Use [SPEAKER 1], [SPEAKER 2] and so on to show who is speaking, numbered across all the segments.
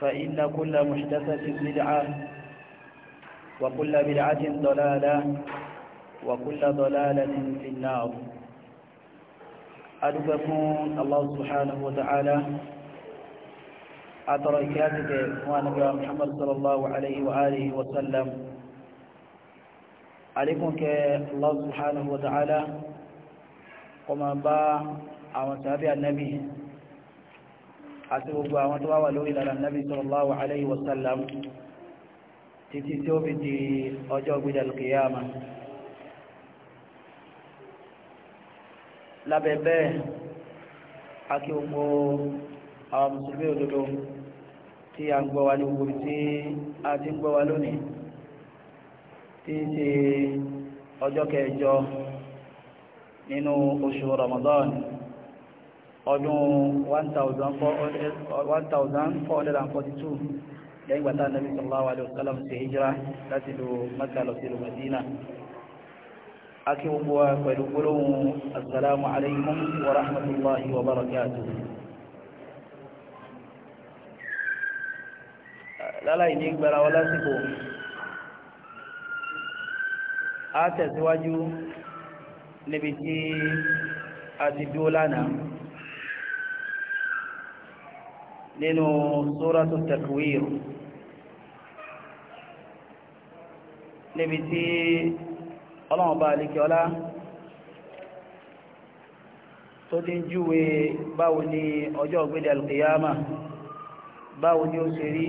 [SPEAKER 1] فإن كل محدثة بدعة وكل بدعة ضلالة وكل ضلالة في النار أدبكم الله سبحانه وتعالى أتركاتك ونبي محمد صلى الله عليه وآله وسلم عليكم الله سبحانه وتعالى وما باع عن النبي àti gbogbo àwọn tó bá wà lórí ìlànà nàbí sallallahu alayhi wa sallam títí tí ó fi di ọjọ́ gbígbà kìyàmà lábẹ́ bẹ́ẹ̀ àti gbogbo àwọn mùsùlùmí òdodo tí a ń gbọ́ wa ní gbogbo tí a ti ń gbọ́ wa lónìí tí í ṣe ọjọ́ kẹjọ nínú oṣù Ramadan ọdún 1442 lẹ́yìn gbàtà nàbí sallallahu alaihi wasallam ṣe hijira láti lò Mẹ́kà lọ sí ìlú Mẹ́dínà akí gbogbo wa pẹ̀lú gbólóhùn assalamu alaikum wa rahmatullahi wa barakatuh láláì ní gbára wa lásìkò a tẹ̀síwájú níbi tí a ti dúó lánàá nínú sóràtò takwir níbi tí ọlọ́run bá alikẹ́ ọlá tó ti ń báwo ni ọjọ́ ògbédè alkiyama báwo ni ó ṣe rí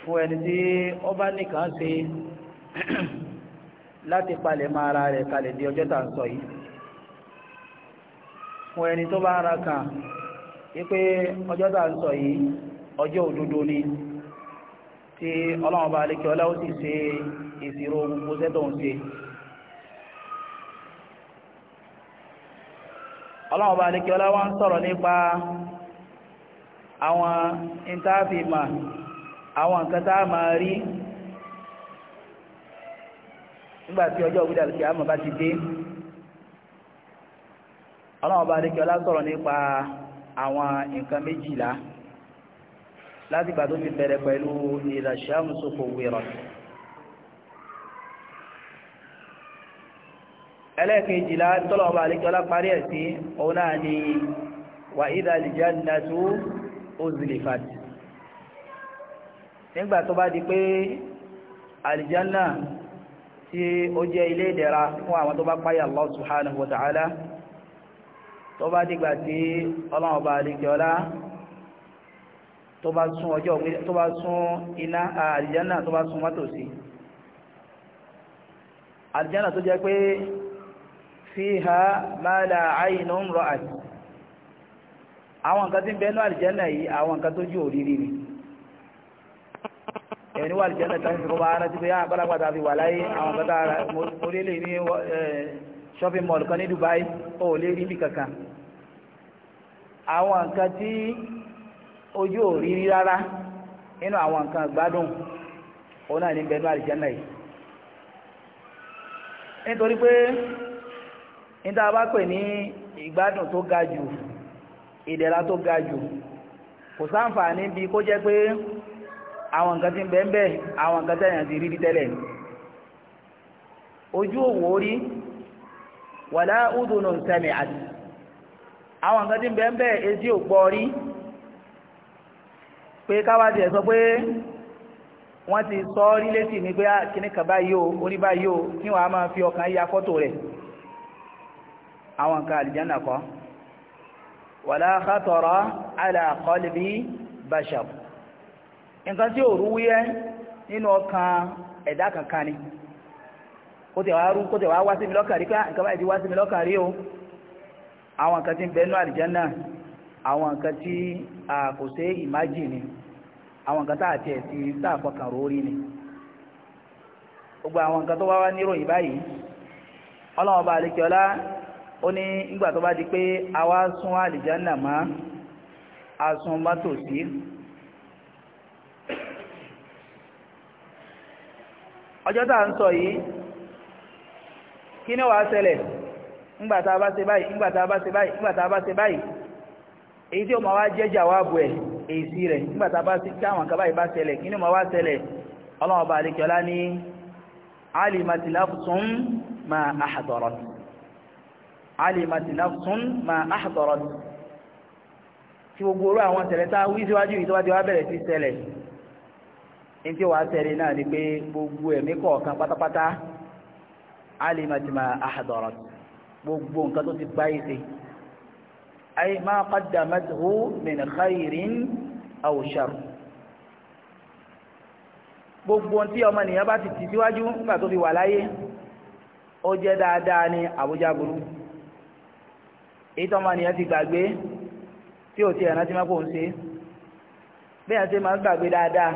[SPEAKER 1] fún ẹni tí ó bá nìkan ṣe láti palẹ̀ máa ara rẹ̀ kalẹ̀ di ọjọ́ tà ń sọ yìí fún ẹni tó bá ra kà wípé ọjọ́ tàà ń sọ yìí ọjọ́ òdodo ni tí ọlọ́run bá lè kí ọlá ó sì ṣe ìṣirò gbogbo sẹ́tọ̀ ń ṣe ọlọ́run bá lè ọlá wá sọ̀rọ̀ nípa àwọn ìntàfìmà àwọn nǹkan tá a máa rí nígbà tí ọjọ́ ògbédàlùkì àmọ́ bá ti dé ọlọ́wọ́n bá dékẹ́ ọlásọ̀rọ̀ nípa àwọn nǹkan méjìlá láti gbà tó ti bẹ̀rẹ̀ pẹ̀lú ìràṣàmùsọ kò wérọ̀ ẹlẹ́ẹ̀kejìlá tọ́lọ́wọ́n bá dékẹ́ ọláparí ẹ̀ sí òun náà ni wà ìdàlìjà nàtú òzìlìfàtì nígbà tó bá di pé àlìjánà tí ó jẹ́ ilé ìdẹ̀ra fún àwọn tó bá páyà Allah subhanahu wa ta'ala tó bá dìgbà tí ọlọ́run ọba àlejò ọlá tó bá sún ọjọ́ tó bá sún iná àlìjánà tó bá sún mọ́tòsí àlìjánà tó jẹ́ pé fiha ma la aynun ra'at àwọn nǹkan tí ń bẹ́ẹ̀ ní àlìjánà yìí àwọn nǹkan tó jù òrírí ni ẹni ah, wà àlìjánà tàbí fi kọ́ shopping mall kan ní Dubai ó lè rí bí kankan àwọn nǹkan tí ojú ò rí rárá nínú àwọn nǹkan gbádùn òun náà ní bẹnu àlìjánà yìí nítorí pé níta bá pè ní ìgbádùn tó ga jù ìdẹ̀ra tó ga jù kò sáǹfààní bí kó jẹ́ pé àwọn nǹkan ti ń bẹ ń bẹ àwọn nǹkan tẹ̀yàn ti rí rí tẹ́lẹ̀ ojú òwò rí wàlá udùnú sẹ́mi àti àwọn nǹkan tí ń bẹ́ẹ̀ bẹ́ẹ̀ etí ò gbọ́ rí pé káwá tiẹ̀ sọ pé wọ́n ti sọ ọ́ rí létí ní pé ah, kíní kan báyìí o orí báyìí o kí wọ́n á máa fi ọkàn ya fọ́tò rẹ̀ àwọn nǹkan àlìjánà kọ́ wàlá ala qalbi bashar nǹkan tí ò rúwúyẹ́ nínú ọkàn ẹ̀dá kankan ni. kó tẹ̀ wá rú kó tẹ̀ wá wá sí mi rí ah, wá sí mi rí o àwọn nǹkan tí ń àwọn ni àwọn nǹkan tá àti ẹ̀sìn tá ni gbogbo àwọn nǹkan tó wá wá níròyìn báyìí ọlọ́wọ́n àlekíọ́lá ó ní tó bá di pé a wá sún mọ́ a kí ní wàá ṣẹlẹ̀ ńgbàtà bá ṣe báyìí ńgbàtà bá ṣe báyìí ńgbàtà bá ṣe báyìí èyí tí ó ma wá jẹ́jà wá bù ẹ̀ èsì rẹ̀ bá ṣe káwọn bá ṣẹlẹ̀ kí ma wá ṣẹlẹ̀ ọlọ́run alimati ma ahdarat alimati ma ahdarat tí gbogbo orú àwọn tá a wí síwájú yìí tó bá ti wá bẹ̀rẹ̀ sí ṣẹlẹ̀ tí náà ni pé gbogbo ẹ̀mí kọ̀ọ̀kan alimat ma ahdarat gbogbo nǹkan tó ti báyìí sí ay ma qaddamathu min khairin aw sharr gbogbo tí ọmọ nìyẹn bá ti tì síwájú nígbà tó fi wà láyé ó jẹ́ dáadáa ní àbújá burú èyí tọ́mọ nìyẹn ti gbàgbé tí ò ti ẹ̀rọ tí máa ń ṣe bẹ́ẹ̀ ṣe máa gbàgbé dáadáa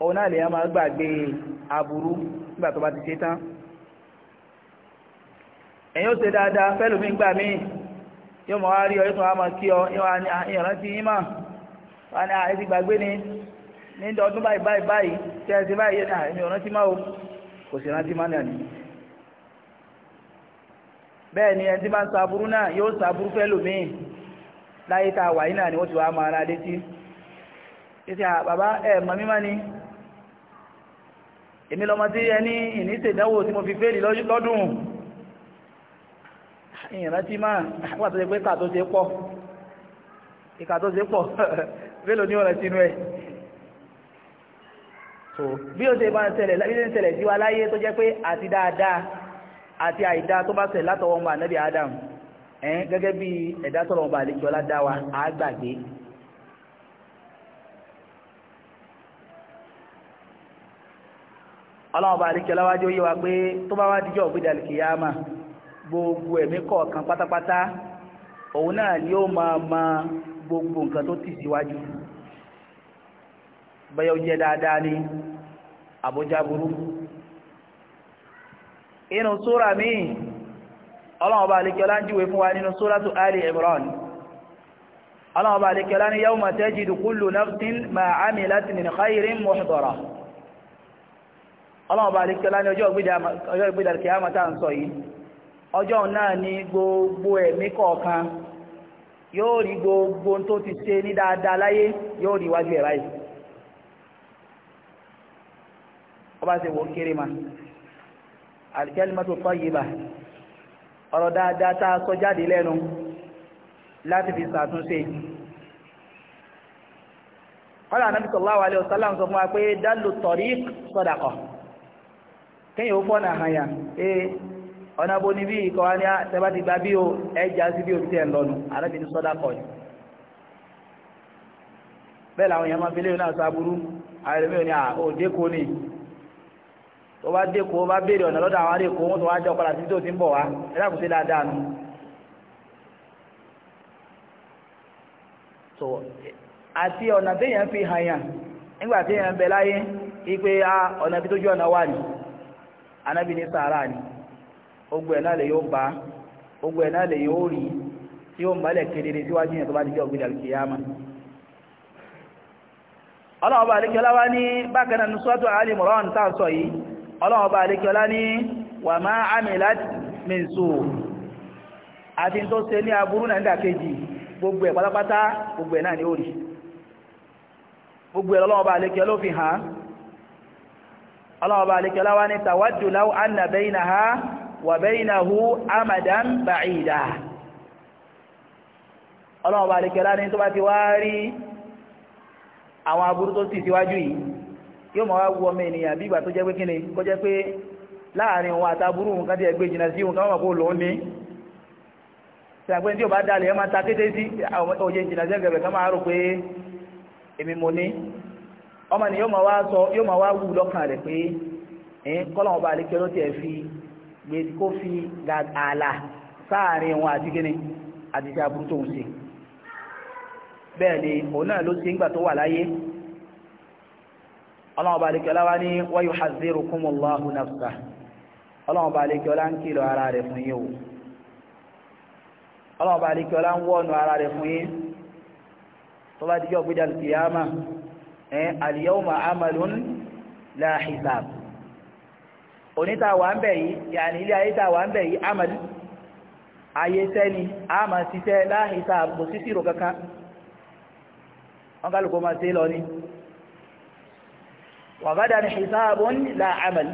[SPEAKER 1] òun náà lèèyàn máa gbàgbé aburú nígbà tó bá ti ṣe tán ẹ̀yin ó ṣe dáadáa fẹ́lú mi gbà mí yóò mọ̀ wá rí ọ yóò tún wá mọ̀ kí ọ yóò ah, rántí yín mọ̀ wá ní àyè ah, ti gbàgbé ni ní ọdún báyìí báyìí báyìí tẹ́ ẹ ti báyìí yóò ní àyè ah, mi ò rántí mọ́ o kò sì rántí mọ́ náà ni. bẹ́ẹ̀ ni ẹni tí máa ń sàbúrú náà yóò sàbúrú fẹ́lú mi láyé tá a wà yín náà ni wọ́n ti wá máa ra létí títí à bàbá ẹ̀ mọ̀ mímọ́ ni èmi lọ́mọ tí ẹni ìní tí mo fi fẹ́ẹ̀lì lọ́dún ìrántí máa wà tó ṣe pé kà tó ṣe pọ̀ ìkà tó ṣe pọ̀ vélo ní ọ̀rẹ́ sínú ẹ̀ so bí ó ṣe bá ń ṣẹlẹ̀ bí ó ń ṣẹlẹ̀ sí wa láyé tó jẹ́ pé àti dáadáa àti àìdá tó bá ṣẹlẹ̀ látọwọ́ ọmọ ànábì Adam ẹ̀ẹ́n gẹ́gẹ́ bí ẹ̀dá tọ́lọ̀ ọba àlejò ọládá àgbàgbé ọlọ́wọ́ àlejò ọlá wájú yé wa pé tó bá wá díjọ́ ògbédàlì kìyàmá gbogbo ẹ̀mí kọ̀ọ̀kan pátápátá òun náà ni ó máa ma gbogbo nǹkan tó tì síwájú bẹ́ẹ̀ ó jẹ́ dáadáa ní àbójá burú inú súra míì ọlọ́run ọba àlekẹ́lá ń júwe fún wa nínú súratu Ali Imran ọlọ́run ọba àlekẹ́lá ní yawma tajidu kullu nafsin ma amilat min khairin muhdara ọlọ́run ọba àlekẹ́lá ní ọjọ́ ìgbìdà kìí ọjọ́ náà ni gbogbo ẹ̀mí kọ̀ọ̀kan yóò rí gbogbo tó ti ṣe ní dáadáa láyé yóò rí ṣe kéré ma al-kalimatu tayyibah ọ̀rọ̀ dáadáa tá a sọ jáde lẹ́nu láti fi ṣàtúnṣe kọ́lá anábì sallallahu alaihi wasallam sọ fún wa pé kéèyàn ó fọ́nà ọ̀nà bo ni bí ikọ̀ wa ní àtẹ́bá ti gba bí o ẹja sí bí o ti lọ́nu àrẹ́bí ní sọ́dá kọ̀ ni bẹ́ẹ̀ làwọn èèyàn máa fi léyìn náà sábúrú àrẹ́bí ò ní àò déko ni tó bá déko bá béèrè ọ̀nà lọ́dọ̀ àwọn àdéko wọn tó wá jẹ́ ọ̀padà sí tó ti ń bọ̀ wá ẹ dákun sí dáadáa nu. so àti ọ̀nà téèyàn fi hàn yàn nígbà téèyàn bẹ láyé ipe ọ̀nà ibi tójú ọ̀nà wà ní anábì sàárà ni ogbó ẹ̀ náà lè yóò bá ogbó ẹ̀ náà lè yóò rí tí ó mọ́lẹ̀ kedere síwájú yẹn tó bá ti jẹ́ ògbìdà kìyàmà ọlọ́wọ́ bá alékiọlá wá ní bákanáà ní sọ́tọ̀ alì mọ̀rán tàà sọ yìí ọlọ́wọ́ bá alékiọlá ní wà máa amilat min su àti tó ṣe ní aburú náà nídàkejì gbogbo ẹ̀ pátápátá gbogbo ẹ̀ náà ni ó rí gbogbo ẹ̀ ọlọ́wọ́ bá alékiọlá fi hàn ọlọ́wọ́ bá alékiọlá wá ní tawaddu law anna bainaha Wa amadan ba'ida ọlọ́run bá alẹ́kẹ́lá ní tó bá ti wá rí àwọn aburú tó sì síwájú yìí yóò mọ̀ wá wọ ọmọ ènìyàn bí ìgbà tó jẹ́ pé kíni kó jẹ́ pé láàrin òun àtàbúrú nǹkan tí ẹgbẹ́ ìjìnà sí òun o bá dalẹ̀ ẹ máa ta kété sí òye ìjìnà sí ni yóò máa wá sọ yóò máa wá wù lọ́kàn rẹ̀ pé ló fi kó fi ààlà sáàrin wọn àti gíní àti tí aburú tó ń ṣe bẹ́ẹ̀ ni òun náà ló ti ń gbà tó wà láyé ọlọ́ọ̀bà alẹ́kẹ́lá wá ní wa yuhadhdhirukumullahu ń kìlọ̀ ara rẹ̀ fún yín o ọlọ́ọ̀bà ara rẹ̀ fún tó bá amalun la oníta wà ń bẹ̀ yìí yàní ilé ayé tá wà ń bẹ̀ yìí amadi ayé sẹ́ni a máa ṣiṣẹ́ láàrin tá kò sí sírò kankan wọn kálukú máa ṣe lọ ni wàgádà ni hisabun la amal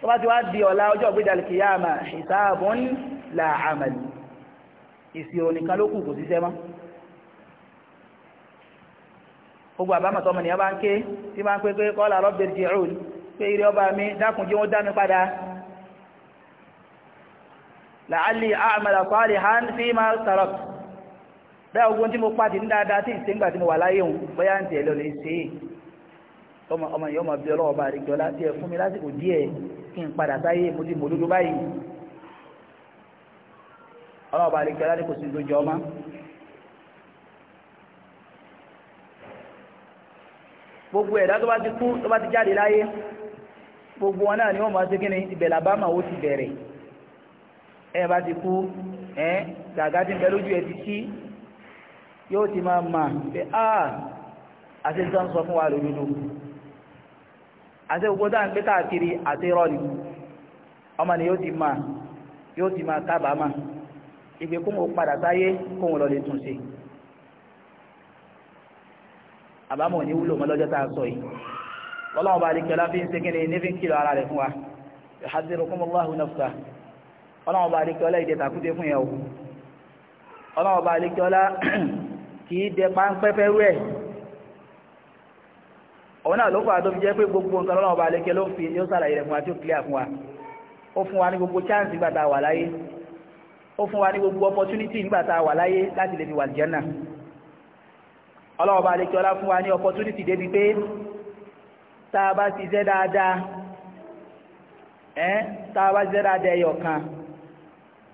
[SPEAKER 1] tó bá ti wá di ọ̀la ọjọ́ ògbé dàlùkì yá mà hisabun la amal ìṣirò nìkan ló kò ṣiṣẹ́ mọ́ gbogbo àbámọ̀tọ́mọ̀ ni a bá ń ké tí máa ń pé pé qala rabbi irji'un pé eré ọba mi dákun jẹ́ wọ́n dá mi padà làálì àmàlà kọ́lì hàn fi máa ogun tí mo pàtì ní dáadáa tí ìsìngbà tí mo wà láyé òun bóyá ń lè ṣe é ọmọ ọmọ yìí ọmọ bí ọlọ́wọ́ bá rí jọlá tí ẹ fún mi lásìkò díẹ̀ kí n padà sáyé mo ti lódó báyìí ọlọ́wọ́ bá rí jọlá ní kò sí ọmọ gbogbo ẹ̀dá tó bá ti kú tó bá ti jáde gbogbo wọn náà ni wọ́n máa ṣe kí ni ibẹ̀ làbámà ó ti bẹ̀rẹ̀ ẹ bá ti kú ẹ gàgá ti bẹ lójú ẹ ti kí yóò ti máa mà pé áà ah! àti ìjọ ń sọ fún wa lòdòdó àti gbogbo dáa ń pé àti rọ́ọ̀lì ọmọ ni yóò ti mà yóò ti máa kábàámà ìgbé kóhùn ó padà sáyé kóhùn lọ lè tún ṣe àbámọ̀ ní wúlò mọ́ lọ́jọ́ tá a sọ yìí ọlọ́run bá àdìkẹ́ láfi ń segin ní fi ń kìlọ̀ ara rẹ̀ fún wa yuhadhdhirukumullahu nafsa ọlọ́run bá àdìkẹ́ ọlá ìdẹ tàkúté fún yẹn o ọlọ́run bá àdìkẹ́ ọlá kì í dẹ páńpẹ́pẹ́ rú ẹ̀ òun náà ló fà á tó fi jẹ́ pé gbogbo nǹkan ọlọ́run bá àdìkẹ́ ló fi yóò sàlàyé rẹ̀ fún wa tí ó kílíà fún wa ó fún wa ní gbogbo chance nígbà wà láyé ó fún wa ní gbogbo opportunity nígbà wà láyé láti lè fi wà lìjẹ́ náà ọlọ́run bá àdìkẹ́ ọlá fún wa ní opportunity débi pé tá a bá ṣiṣẹ́ dáadáa ẹ́ tá a bá ṣiṣẹ́ dáadáa ẹyọ kan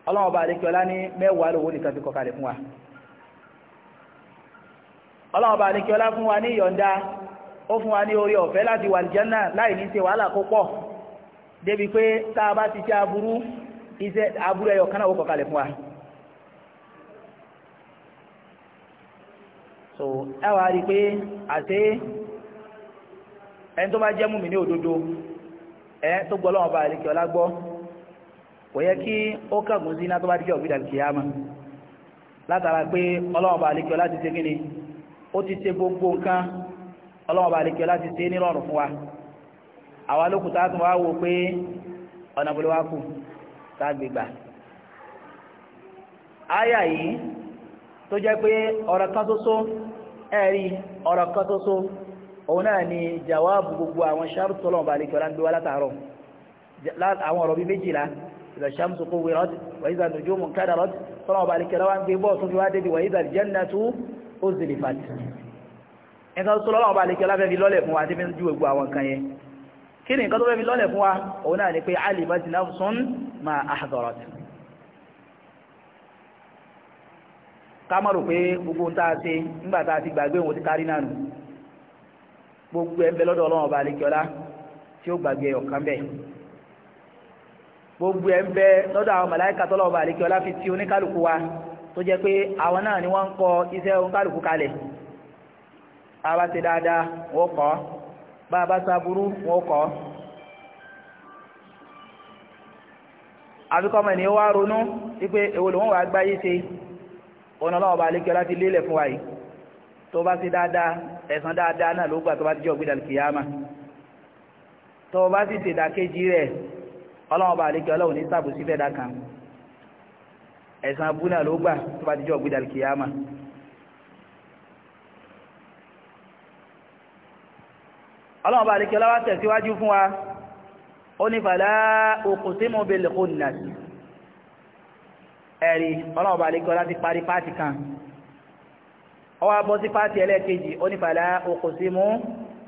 [SPEAKER 1] ọlọ́wọ́n bá àdékẹ́ ọlá ní mẹ́wàá lówó nìkan ti kọkalẹ̀ fún wa ọlọ́wọ́n bá àdékẹ́ ọlá fún wa ní ìyọ̀ǹda ó fún wa ní orí ọ̀fẹ́ láti wà àlùjánnà láì ní ṣe wàhálà kó pọ̀ débi pé tá a bá ti ṣe aburú iṣẹ́ aburú ẹyọ kan náà ó kọkalẹ̀ fún wa ẹ wàá rí i pé àti ẹni tó bá jẹ́ mùmínì òdodo ẹ tó gbọ́ lọ́wọ́ bá àlekè ọlá gbọ́ kò yẹ kí ó kàgùn sí iná tó bá dìjọ́ òbí dàbí kìyàmà látara pé ọlọ́wọ́ bá ọlá ti ṣe kíni ó ti ṣe gbogbo nǹkan ọlọ́wọ́ bá ọlá ti ṣe nírọ̀rùn fún wa àwa lókùtà wá pé ọ̀nà kù tá a yìí tó jẹ́ pé ọ̀rọ̀ kan tó so òun náà ni jawaabu gbogbo àwọn sáàrù tó lọ́wọ́ balẹ̀ kọ́lá ń gbé wá látàárọ̀ àwọn ọ̀rọ̀ bíi méjìlá ìlà sàmùsù kó wérọ̀ wàyíza nùjú mú kádà rọ̀ tọ́lọ́wọ́ balẹ̀ kọ́lá wá ń gbé bọ́ọ̀ tó fi wá débi wàyíza jannatu ó zèlè fàtì. nǹkan tó lọ́wọ́ balẹ̀ kọ́lá fẹ́ fi lọ́lẹ̀ fún wa tí ju gbogbo àwọn kan yẹn kí ni nǹkan tó fẹ́ fi lọ́lẹ̀ gbogbo ẹ̀bẹ̀ lọ́dọ̀ Ọlọ́run ọba àlekíọlá tí ó gbàgbé ọkàn bẹ gbogbo ẹ̀bẹ̀ lọ́dọ̀ àwọn màláíkà tọlọ ọba àlekíọlá fi ti oníkàlùkù wa tó jẹ pé àwọn náà ni wọn ń kọ iṣẹ́ oníkálukú kalẹ̀ kọ a bá kọ. ronú wípé èwo wà gbáyé ṣe ti lélẹ̀ fún wa yìí ẹ̀san dáadáa náà ló gbà tó bá ti jẹ́ ògbé dàlùkìyàmà tó bá sì ṣèdàkejì rẹ̀ ọlọ́wọ́n bá àlékè ọlọ́wọ́n ní sàbòsí fẹ́ dákan ẹ̀san abú náà ló gbà tó bá ti jẹ́ ògbé dàlùkìyàmà ọlọ́wọ́n bá àlékè ọlọ́wọ́ tẹ̀síwájú fún wa ó ní fàlà uqsimu bil khunnas ẹ̀rí ọlọ́wọ́n bá àlékè ọlọ́wọ́ ti parí páàtì kan ọwọ́ abọ́ sí pàtì ẹlẹ́ẹ̀kejì ó ní fàlà uqsimu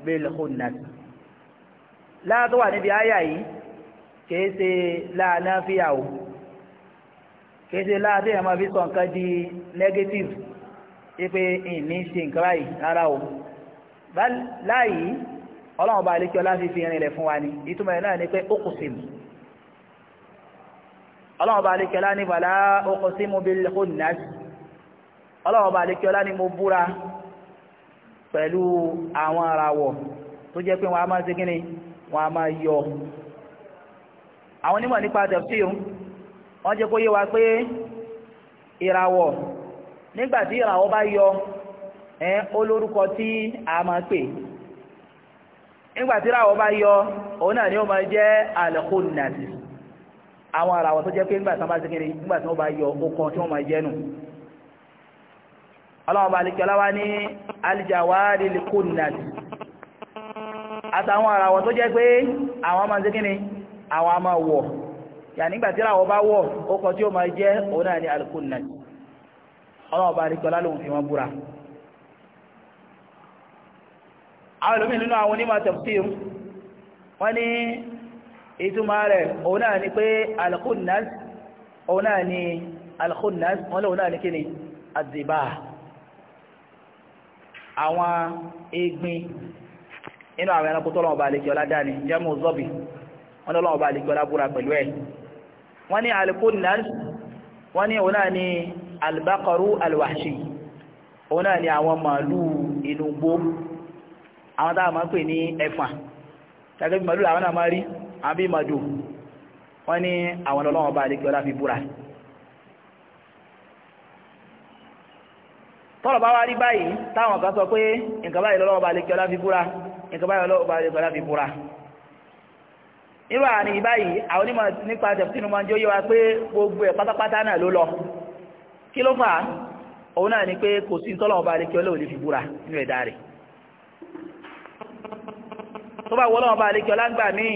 [SPEAKER 1] bil khunnas láàtọ́ wà níbi àyà yìí kìí ṣe láàánà fíyàwó kìí ṣe láàánà fíyàwó máa fi sọ nǹkan di negative ipe ìní ṣe nǹkan báyìí rárá o láàyè ọlọ́run bá alékí ọlá fi fi irin rẹ̀ fún wa ni ìtumọ̀ ẹ̀ náà ni pé uqsimu ọlọ́run bá alékí ọlá ní fàlà uqsimu bil ọlọ́run ọba àlekíọ́lá ni mo búra pẹ̀lú àwọn arawọ̀ tó jẹ́ pé wọ́n a máa ṣe kíni wọ́n a máa yọ àwọn onímọ̀ nípa tafsir wọ́n jẹ́ kó yé wa pé ìràwọ̀ nígbàtí ìràwọ̀ bá yọ ẹ olórúkọ tí a máa pè nígbàtí ìràwọ̀ bá yọ òun náà ni ó máa jẹ́ al-khunnat àwọn ìràwọ̀ tó jẹ́ pé nígbàtí wọ́n bá ṣe kíni nígbàtí wọ́n bá yọ okọ̀ tí wọ́n máa jẹ́ nù ọlọ́ọ̀bà alìkọláwá ní alìjàwárí lìkúnnàdì àtàwọn àràwọ̀ tó jẹ́ pé àwọn máa ń ṣe kíni àwọn máa wọ̀ yà nígbàtí ràwọ̀ bá wọ̀ ó kọ tí ó máa jẹ́ òun náà ní alìkúnnàdì ọlọ́ọ̀bà alìkọlá lòun fi wọn búra àwọn ìlúmí nínú àwọn onímọ̀ tafsir wọ́n ní àwọn egbin inú àwọn ẹranko tó lọ́wọ́ bá lè kí ọlá dání jẹ́mú zọ́bì wọ́n ní ọlọ́wọ́ bá lè kí ọlá búra pẹ̀lú ẹ̀ wọ́n ní alikunnas wọ́n ní òun náà ní albakaru alwahshi òun náà ní àwọn màálù inú gbó àwọn táwọn máa ń pè ní ẹ̀fà tàbí màálù làwọn náà máa rí àwọn màdù wọ́n ní àwọn ọlọ́wọ́ bá lè kí ọlá fi búra tọ́rọ̀ bá wá rí báyìí táwọn kan sọ pé nǹkan báyìí lọ́wọ́ bá lè kí ọlá fi búra nǹkan báyìí lọ́wọ́ bá lè kí ọlá fi búra irú àárín báyìí àwọn onímọ̀ nípa tẹ̀síìnù máa ń jó yé wa pé gbogbo ẹ̀ pátápátá náà ló lọ kí ló fà á òun náà ni pé kò sí tọ́lọ́wọ́ bá lè kí ọlá fi búra nínú ẹ̀dá rẹ̀ tó bá wọ́lọ́wọ́ bá lè kí ọlá ń gbà míì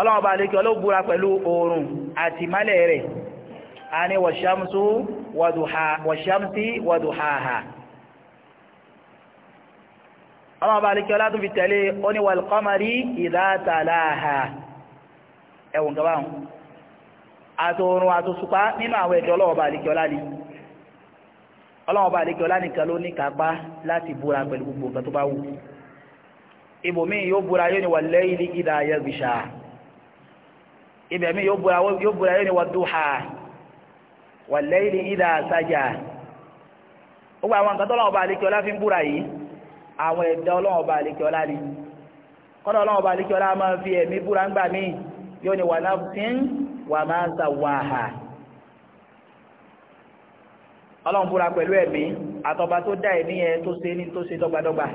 [SPEAKER 1] ọlọ́ọ̀bá alékẹ́ olóbúra pẹ̀lú oòrùn àti málẹ̀ rẹ̀ a ní wàṣámsí wàdùháhà ọlọ́ọ̀bá alékẹ́ látún fi tẹ̀lé ó ní wàlùkọ́mọ̀rí ìdátàláhà ẹ̀wùn gabáhùn àtòrùn àtòsùpá nínú àwọn ẹ̀dọ́ ọlọ́ọ̀bá alékẹ́ ọlá ni ọlọ́ọ̀bá alékẹ́ ọlá nìkan ló ní kápá láti búra pẹ̀lú gbogbo nǹkan tó bá wù ibòmíì yóò búra yóò ní ibẹ̀ mi yóò bura yóò búra yóò ní wadduha wal layli idha saja gbogbo àwọn nǹkan fi ń yi, yìí àwọn ẹ̀dá ọlọ́wọ́ bá ni kọ́nà ọlọ́wọ́ máa fi ẹ̀mí bura ńgbà míì yóò ní wa wa ma sawaha ọlọ́run búra pẹ̀lú ẹ̀mí àtọba tó dá ẹ̀mí yẹn tó ṣe ní tó ṣe dọ́gbadọ́gba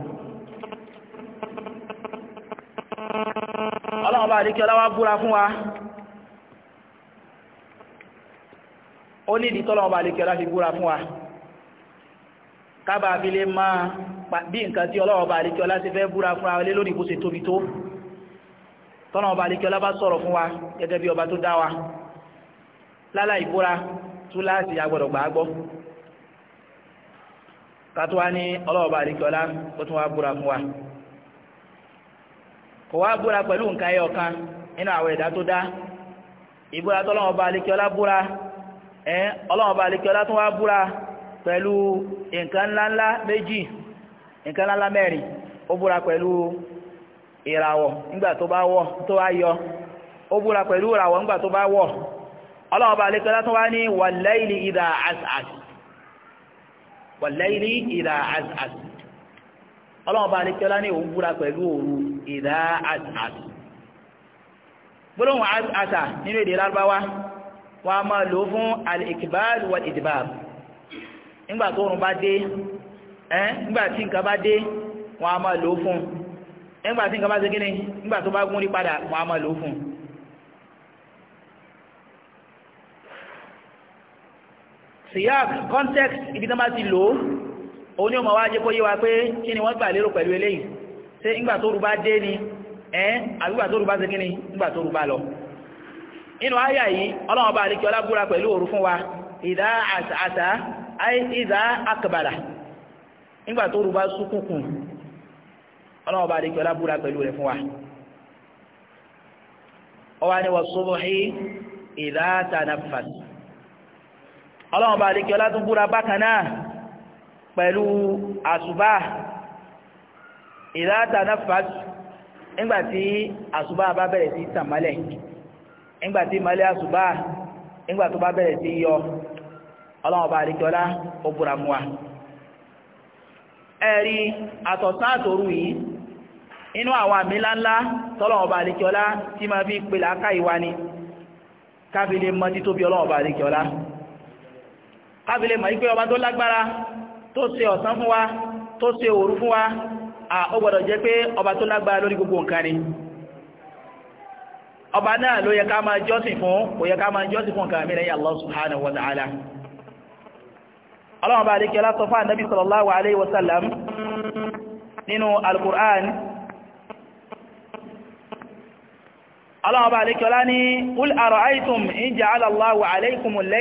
[SPEAKER 1] ọlọ́run bá wa bura fún wa ó ní ìdí tọ́lọ́wọ́ bá fi búra fún wa kábàá fi lè máa bí nǹkan tí ọlọ́wọ́ bá lè ti fẹ́ búra fún wa lórí bó tóbi tó tọ́lọ́wọ́ bá lè bá wa gẹ́gẹ́ bí ọba tó dá wa lálá ìbúra tú láti agbọ̀dọ̀ gbà á gbọ́ wa ní ọlọ́wọ́ bá lè ó tún wa kò wá búra pẹ̀lú nǹkan ẹyọ kan nínú àwọn ẹ̀dá tó dá ìbúra tọ́lọ́wọ́ ẹn ọlọ́run bá tún wá búra pẹ̀lú nǹkan ńláńlá méjì nǹkan ńláńlá mẹ́rin ó búra pẹ̀lú ìràwọ̀ nígbà tó bá yọ ó búra pẹ̀lú ìràwọ̀ nígbà tó bá wọ̀ tún wá ní wàlẹ́ìlì wàlẹ́ìlì ní wọ́n a máa lò fún al-ikbal wal-idbar nígbà tó oòrùn bá dé ẹ́ nígbà tí nǹkan bá dé wọ́n a máa lò fún nígbà tí nǹkan bá ṣe kíni nígbà tó bá gún rí padà wọ́n a máa lò siyak context ibi tó bá ti lò òun ni ó máa wá jẹ́ kó wa pé kí ni wọ́n gbà lérò pẹ̀lú eléyìí ṣé nígbà tó rú bá dé ni ẹ́ àbígbà tó rú bá ṣe kíni nígbà tó rú bá lọ inú àyà yìí ọlọ́wọ́n bá alikẹ́ ọlábúra pẹ̀lú òru fún wa ìdá àtà ìdá akabara nígbà tó rú bá súnkùnkùn ọlọ́wọ́n bá alikẹ́ ọlábúra pẹ̀lú rẹ̀ fún wa ni wọ́n sọ́bọ̀hí ìdá tanafas ọlọ́wọ́n bá alikẹ́ ọlátúnbúra bákan náà pẹ̀lú ìdá tanafas nígbà tí bá bẹ̀rẹ̀ sí tàmálẹ̀ nígbà tí ìmọ́lẹ̀ àṣùbà nígbà tó bá bẹ̀rẹ̀ sí yọ ọlọ́run bá àríkíọ́lá ó ẹ̀rí àtọ̀sán àtòru yìí inú àwọn àmì ńláńlá tọ́lọ́run tí fi ni káfílẹ̀ mọ́ títóbi ọlọ́run bá àríkíọ́lá káfílẹ̀ mọ́ ọba tó lágbára tó ṣe ọ̀sán fún wa tó ṣe òru fún wa ó gbọ́dọ̀ jẹ́ pé ọba tó lágbára lórí gbogbo nǹkan ni ọba náà ló yẹ ká máa jọ́sìn fún kò yẹ ká máa jọ́sìn fún nǹkan mìíràn Allah subhanahu wa ta'ala ọlọ́run bá lè kẹlá sọ fún ànábì sallallahu alayhi wa nínú al ọlọ́run bá lè kẹlá ní qul ara'aytum in ja'ala Allahu alaykum al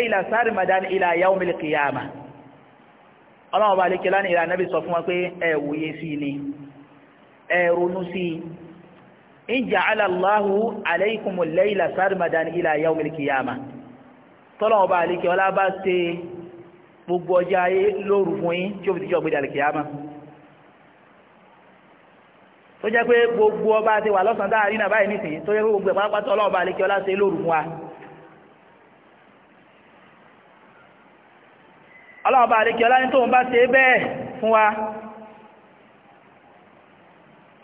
[SPEAKER 1] ọlọ́run bá lè kẹlá ní sọ fún wọn pé ẹ sí ni ẹ sí in ja'ala Allahu alaykum al-layla sarmadan ila yawm al-qiyamah ọba àlekè ọlá gbogbo ọjà ayé lóru fún yín tí ó fi dijọ́ al gbogbo ọba ti wa lọ́sàn-án dáhàrí náà báyìí nìsín gbogbo ìpàápàá tọ́lọ́ ọba àlekè ọlá ṣe lóru fún wa.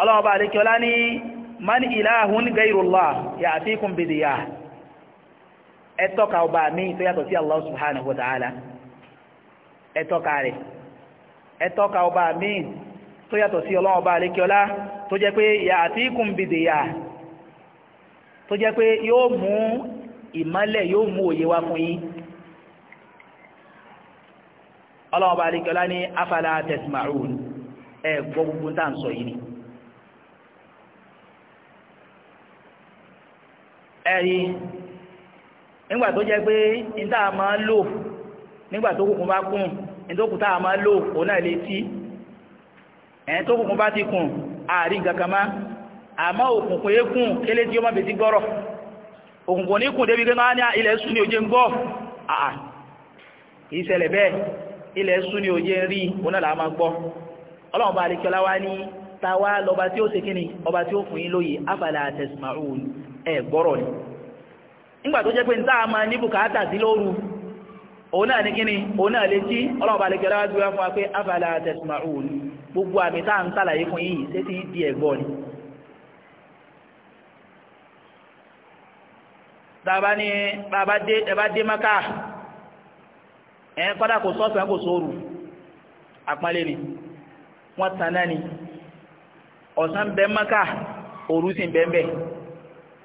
[SPEAKER 1] ni ba fún wa ni. man ilahun gairullah ya bidiyah ẹ tọ́ka ọba mi tó yàtọ̀ sí allah subhanahu wa ta'ala ẹ rẹ̀ ẹ ọba mi tó yàtọ̀ sí ọlọ́run ọba àlékiọlá tó jẹ́ pé ya'tikum bidiyah tó jẹ́ pé yóò mú ìmọ́lẹ̀ yóò mú òye wá fún yín ọlọ́run ọba ní afala ẹ gbọ́ gbogbo ń tà ń sọ yìí ni. ẹ̀rí nígbà tó jẹ́ pé níta máa lò nígbà tó kùnkùn bá kùn nítókù tá a máa lò òun náà lè tí ẹ̀yìn tó kùnkùn bá ti kùn ààrin kankan má àmọ́ òkùnkùn eékùn kélé tí ó máa bèsí gbọ́rọ̀ òkùnkùn ní kùn débi gẹ́gẹ́ ní ilẹ̀ sùn ní òjé ń gbọ́ àà kì ṣẹlẹ̀ bẹ́ẹ̀ ilẹ̀ sùn ní òjé ń rí òun náà là máa gbọ́ ọlọ́run bá alẹ́kẹ́lá wá ní táwa lọba tí ó ṣe kíni ọba tí ó fún yín lóye afala tasma'un ẹ gbọ́rọ̀ ni nígbà tó jẹ́ pé ní a máa ní bùkátà sí lóru òun náà ní kíni òun náà lè jí ọlọ́ọ̀bà lè kẹrẹ́ wájú fún wa gbogbo àmì táà ń sàlàyé fún yìí ṣé ti di ẹ̀gbọ́ ni tàbá ní bàbá dé maka ẹ̀ kọ́dà kò sọ́ọ̀sán kò sóòrù àpọ́nlé ni wọ́n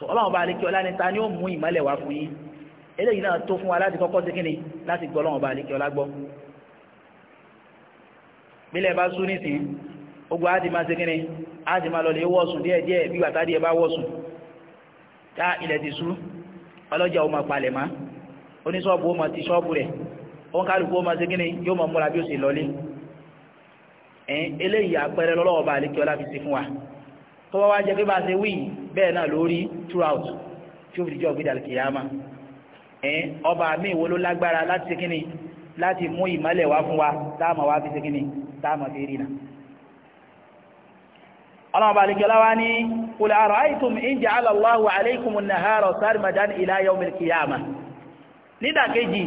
[SPEAKER 1] so ọlọ́run bá alékẹ́ ọlá ní ta ni ó mú ìmọ́lẹ̀ wá fún yín eléyìí náà tó fún wa láti kọ́kọ́ sí kíni láti gbọ́ ọlọ́run bá alékẹ́ ọlá gbọ́ bílẹ̀ bá sún nísìn ogun á ti máa sí kíni á ti máa lọlẹ̀ wọ́sùn díẹ̀ díẹ̀ bí wàtá díẹ̀ bá wọ́sùn ká ilẹ̀ ti sú ọlọ́jà ó máa palẹ̀ má oníṣọ́ọ̀bù ó ti ṣọ́ọ̀bù rẹ̀ wọn kálukú ó máa sí kíni yóò máa múra bí ó sì lọlé eléyìí àpẹẹrẹ lọ́lọ́wọ́ bá alékẹ́ ọlá fi sí fún wa tó wá jẹ́ pé bá ṣe wíì bẹ́ẹ̀ náà lórí throughout tí ó fi jọ gbé dàlùkìyàmà ẹ̀ẹ́n ọba mi wo ló lágbára láti ṣe kíni láti mú ìmọ́lẹ̀ wá fún wa táàmà wá fi ṣe kíni táàmà fi rí náà ọlọ́ọ̀bà alìkẹ́láwá ní qul ara'aytum in ja'ala Allahu alaykum an-nahara sarmadan ila yawm al-qiyamah nídàkejì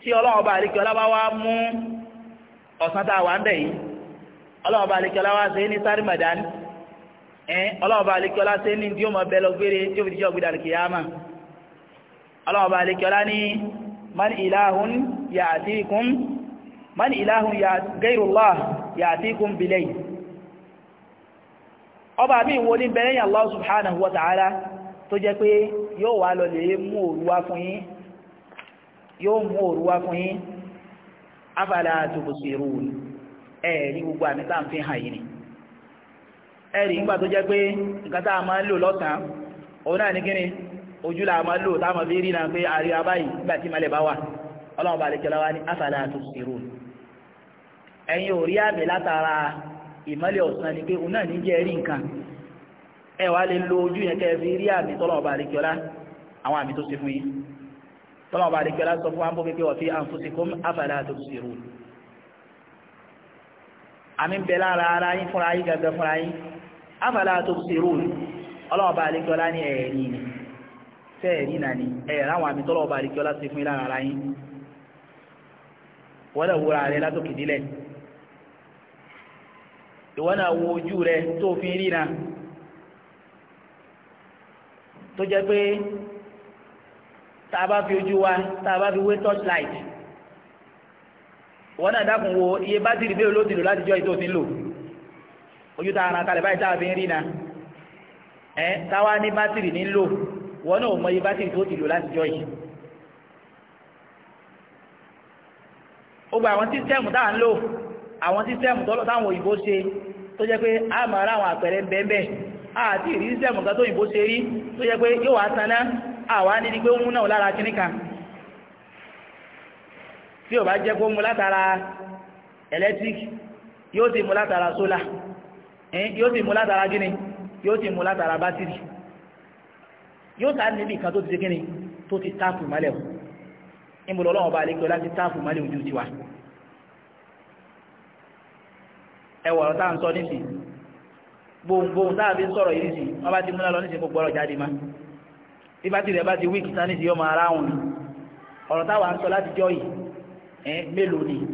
[SPEAKER 1] tí ọlọ́ọ̀bà alìkẹ́láwá wá mú ọ̀sán tàwà ń bẹ̀ yìí ọlọ́ọ̀bà alìkẹ́láwá ṣe ní sarmadan ẹ ọlọ́ọ̀bá alekiola ṣe ní tí ó mọ̀ bẹ́ẹ̀ lọ gbére tí ó fi díjọ́ gbéra kìyàmà ọlọ́ọ̀bá alekiola ní man ilahun ya'tikum man ya gairullah ya'tikum bilay ọba mi wo ní bẹ̀rẹ̀ yàn Allah wa ta'ala tó jẹ́ pé yóò wá lọ lè mú òruwa fún yín ẹ̀rí nígbà tó jẹ́ pé nǹkan tá a máa ń lò lọ́sàn òun náà ní kíni la máa lò a fi rí náà pé àríwá báyìí nígbà tí malẹ̀ bá wà ọlọ́run bá lè kí ọlọ́wà ní afala tusirun ẹ̀yin ò rí àmì látara ìmọ́lẹ̀ ọ̀sán ni pé òun náà ní jẹ́ rí nǹkan ẹ wá lè lo ojú yẹn kẹ́ rí àmì tọ́lọ́run bá lè kí àwọn àmì tó sọ fún wa àmì lára ara yín fúnra yín fúnra afala tubsirun ọlọ́ọ̀bá àríkíọ́lá ní ẹ̀ẹ̀rí ni fẹ́ẹ̀rí náà ni ẹ̀ẹ̀rá àwọn àmì tọ́lọ́ọ̀bá àríkíọ́lá ti fún ìlànà ara yín wọ́n lè wúra rẹ látòkè dílẹ̀ ìwọ́n náà wo ojú rẹ tó fi rí náà tó jẹ́ pé tá fi ojú wa tá fi wé torchlight ìwọ́n náà dákun wo iye bátìrì bẹ́ẹ̀ ló ti lò látijọ́ ìtòsí lò ojú tá a ran kalẹ̀ báyìí tá a fi ń rí na ẹ táwa ní bátìrì ní lò wọn náà mọ iye bátìrì tó ti lò láti jọ yìí ó gba àwọn sísẹ́mù tá à ń lò àwọn sísẹ́mù tọ́lọ́ táwọn òyìnbó ṣe tó jẹ́ pé a máa ra àwọn àpẹẹrẹ bẹ́ẹ̀bẹ́ẹ̀ àti ìrí sísẹ́mù kan tó òyìnbó ṣe rí tó jẹ́ pé yóò wá taná àwa nídi pé ó mú náà lára kíní kan tí ò bá jẹ́ kó mú látara electric yóò ti mú látara solar ẹ̀yìn yóò sì mú látara gíní yóò sì mú látara bátìrì yóò sá níbi kan tó ti ṣe gíní tó ti táàpù mọ́lẹ̀ o ìmúlò ọlọ́run ọba àlejò láti táàpù mọ́lẹ̀ ojú tiwa ẹ wọ̀ ọ̀rọ̀ tá à ń sọ nísì gbohùngbohùn tá a fi ń sọ̀rọ̀ yìí nísì wọ́n bá ti múná lọ nísì gbogbo ọ̀rọ̀ jáde má bí bátìrì ẹ bá ti wíìkì sánísì yóò máa ráhùn ọ̀rọ̀ táwa ń sọ láti jọ́ yìí ẹ mélòó ni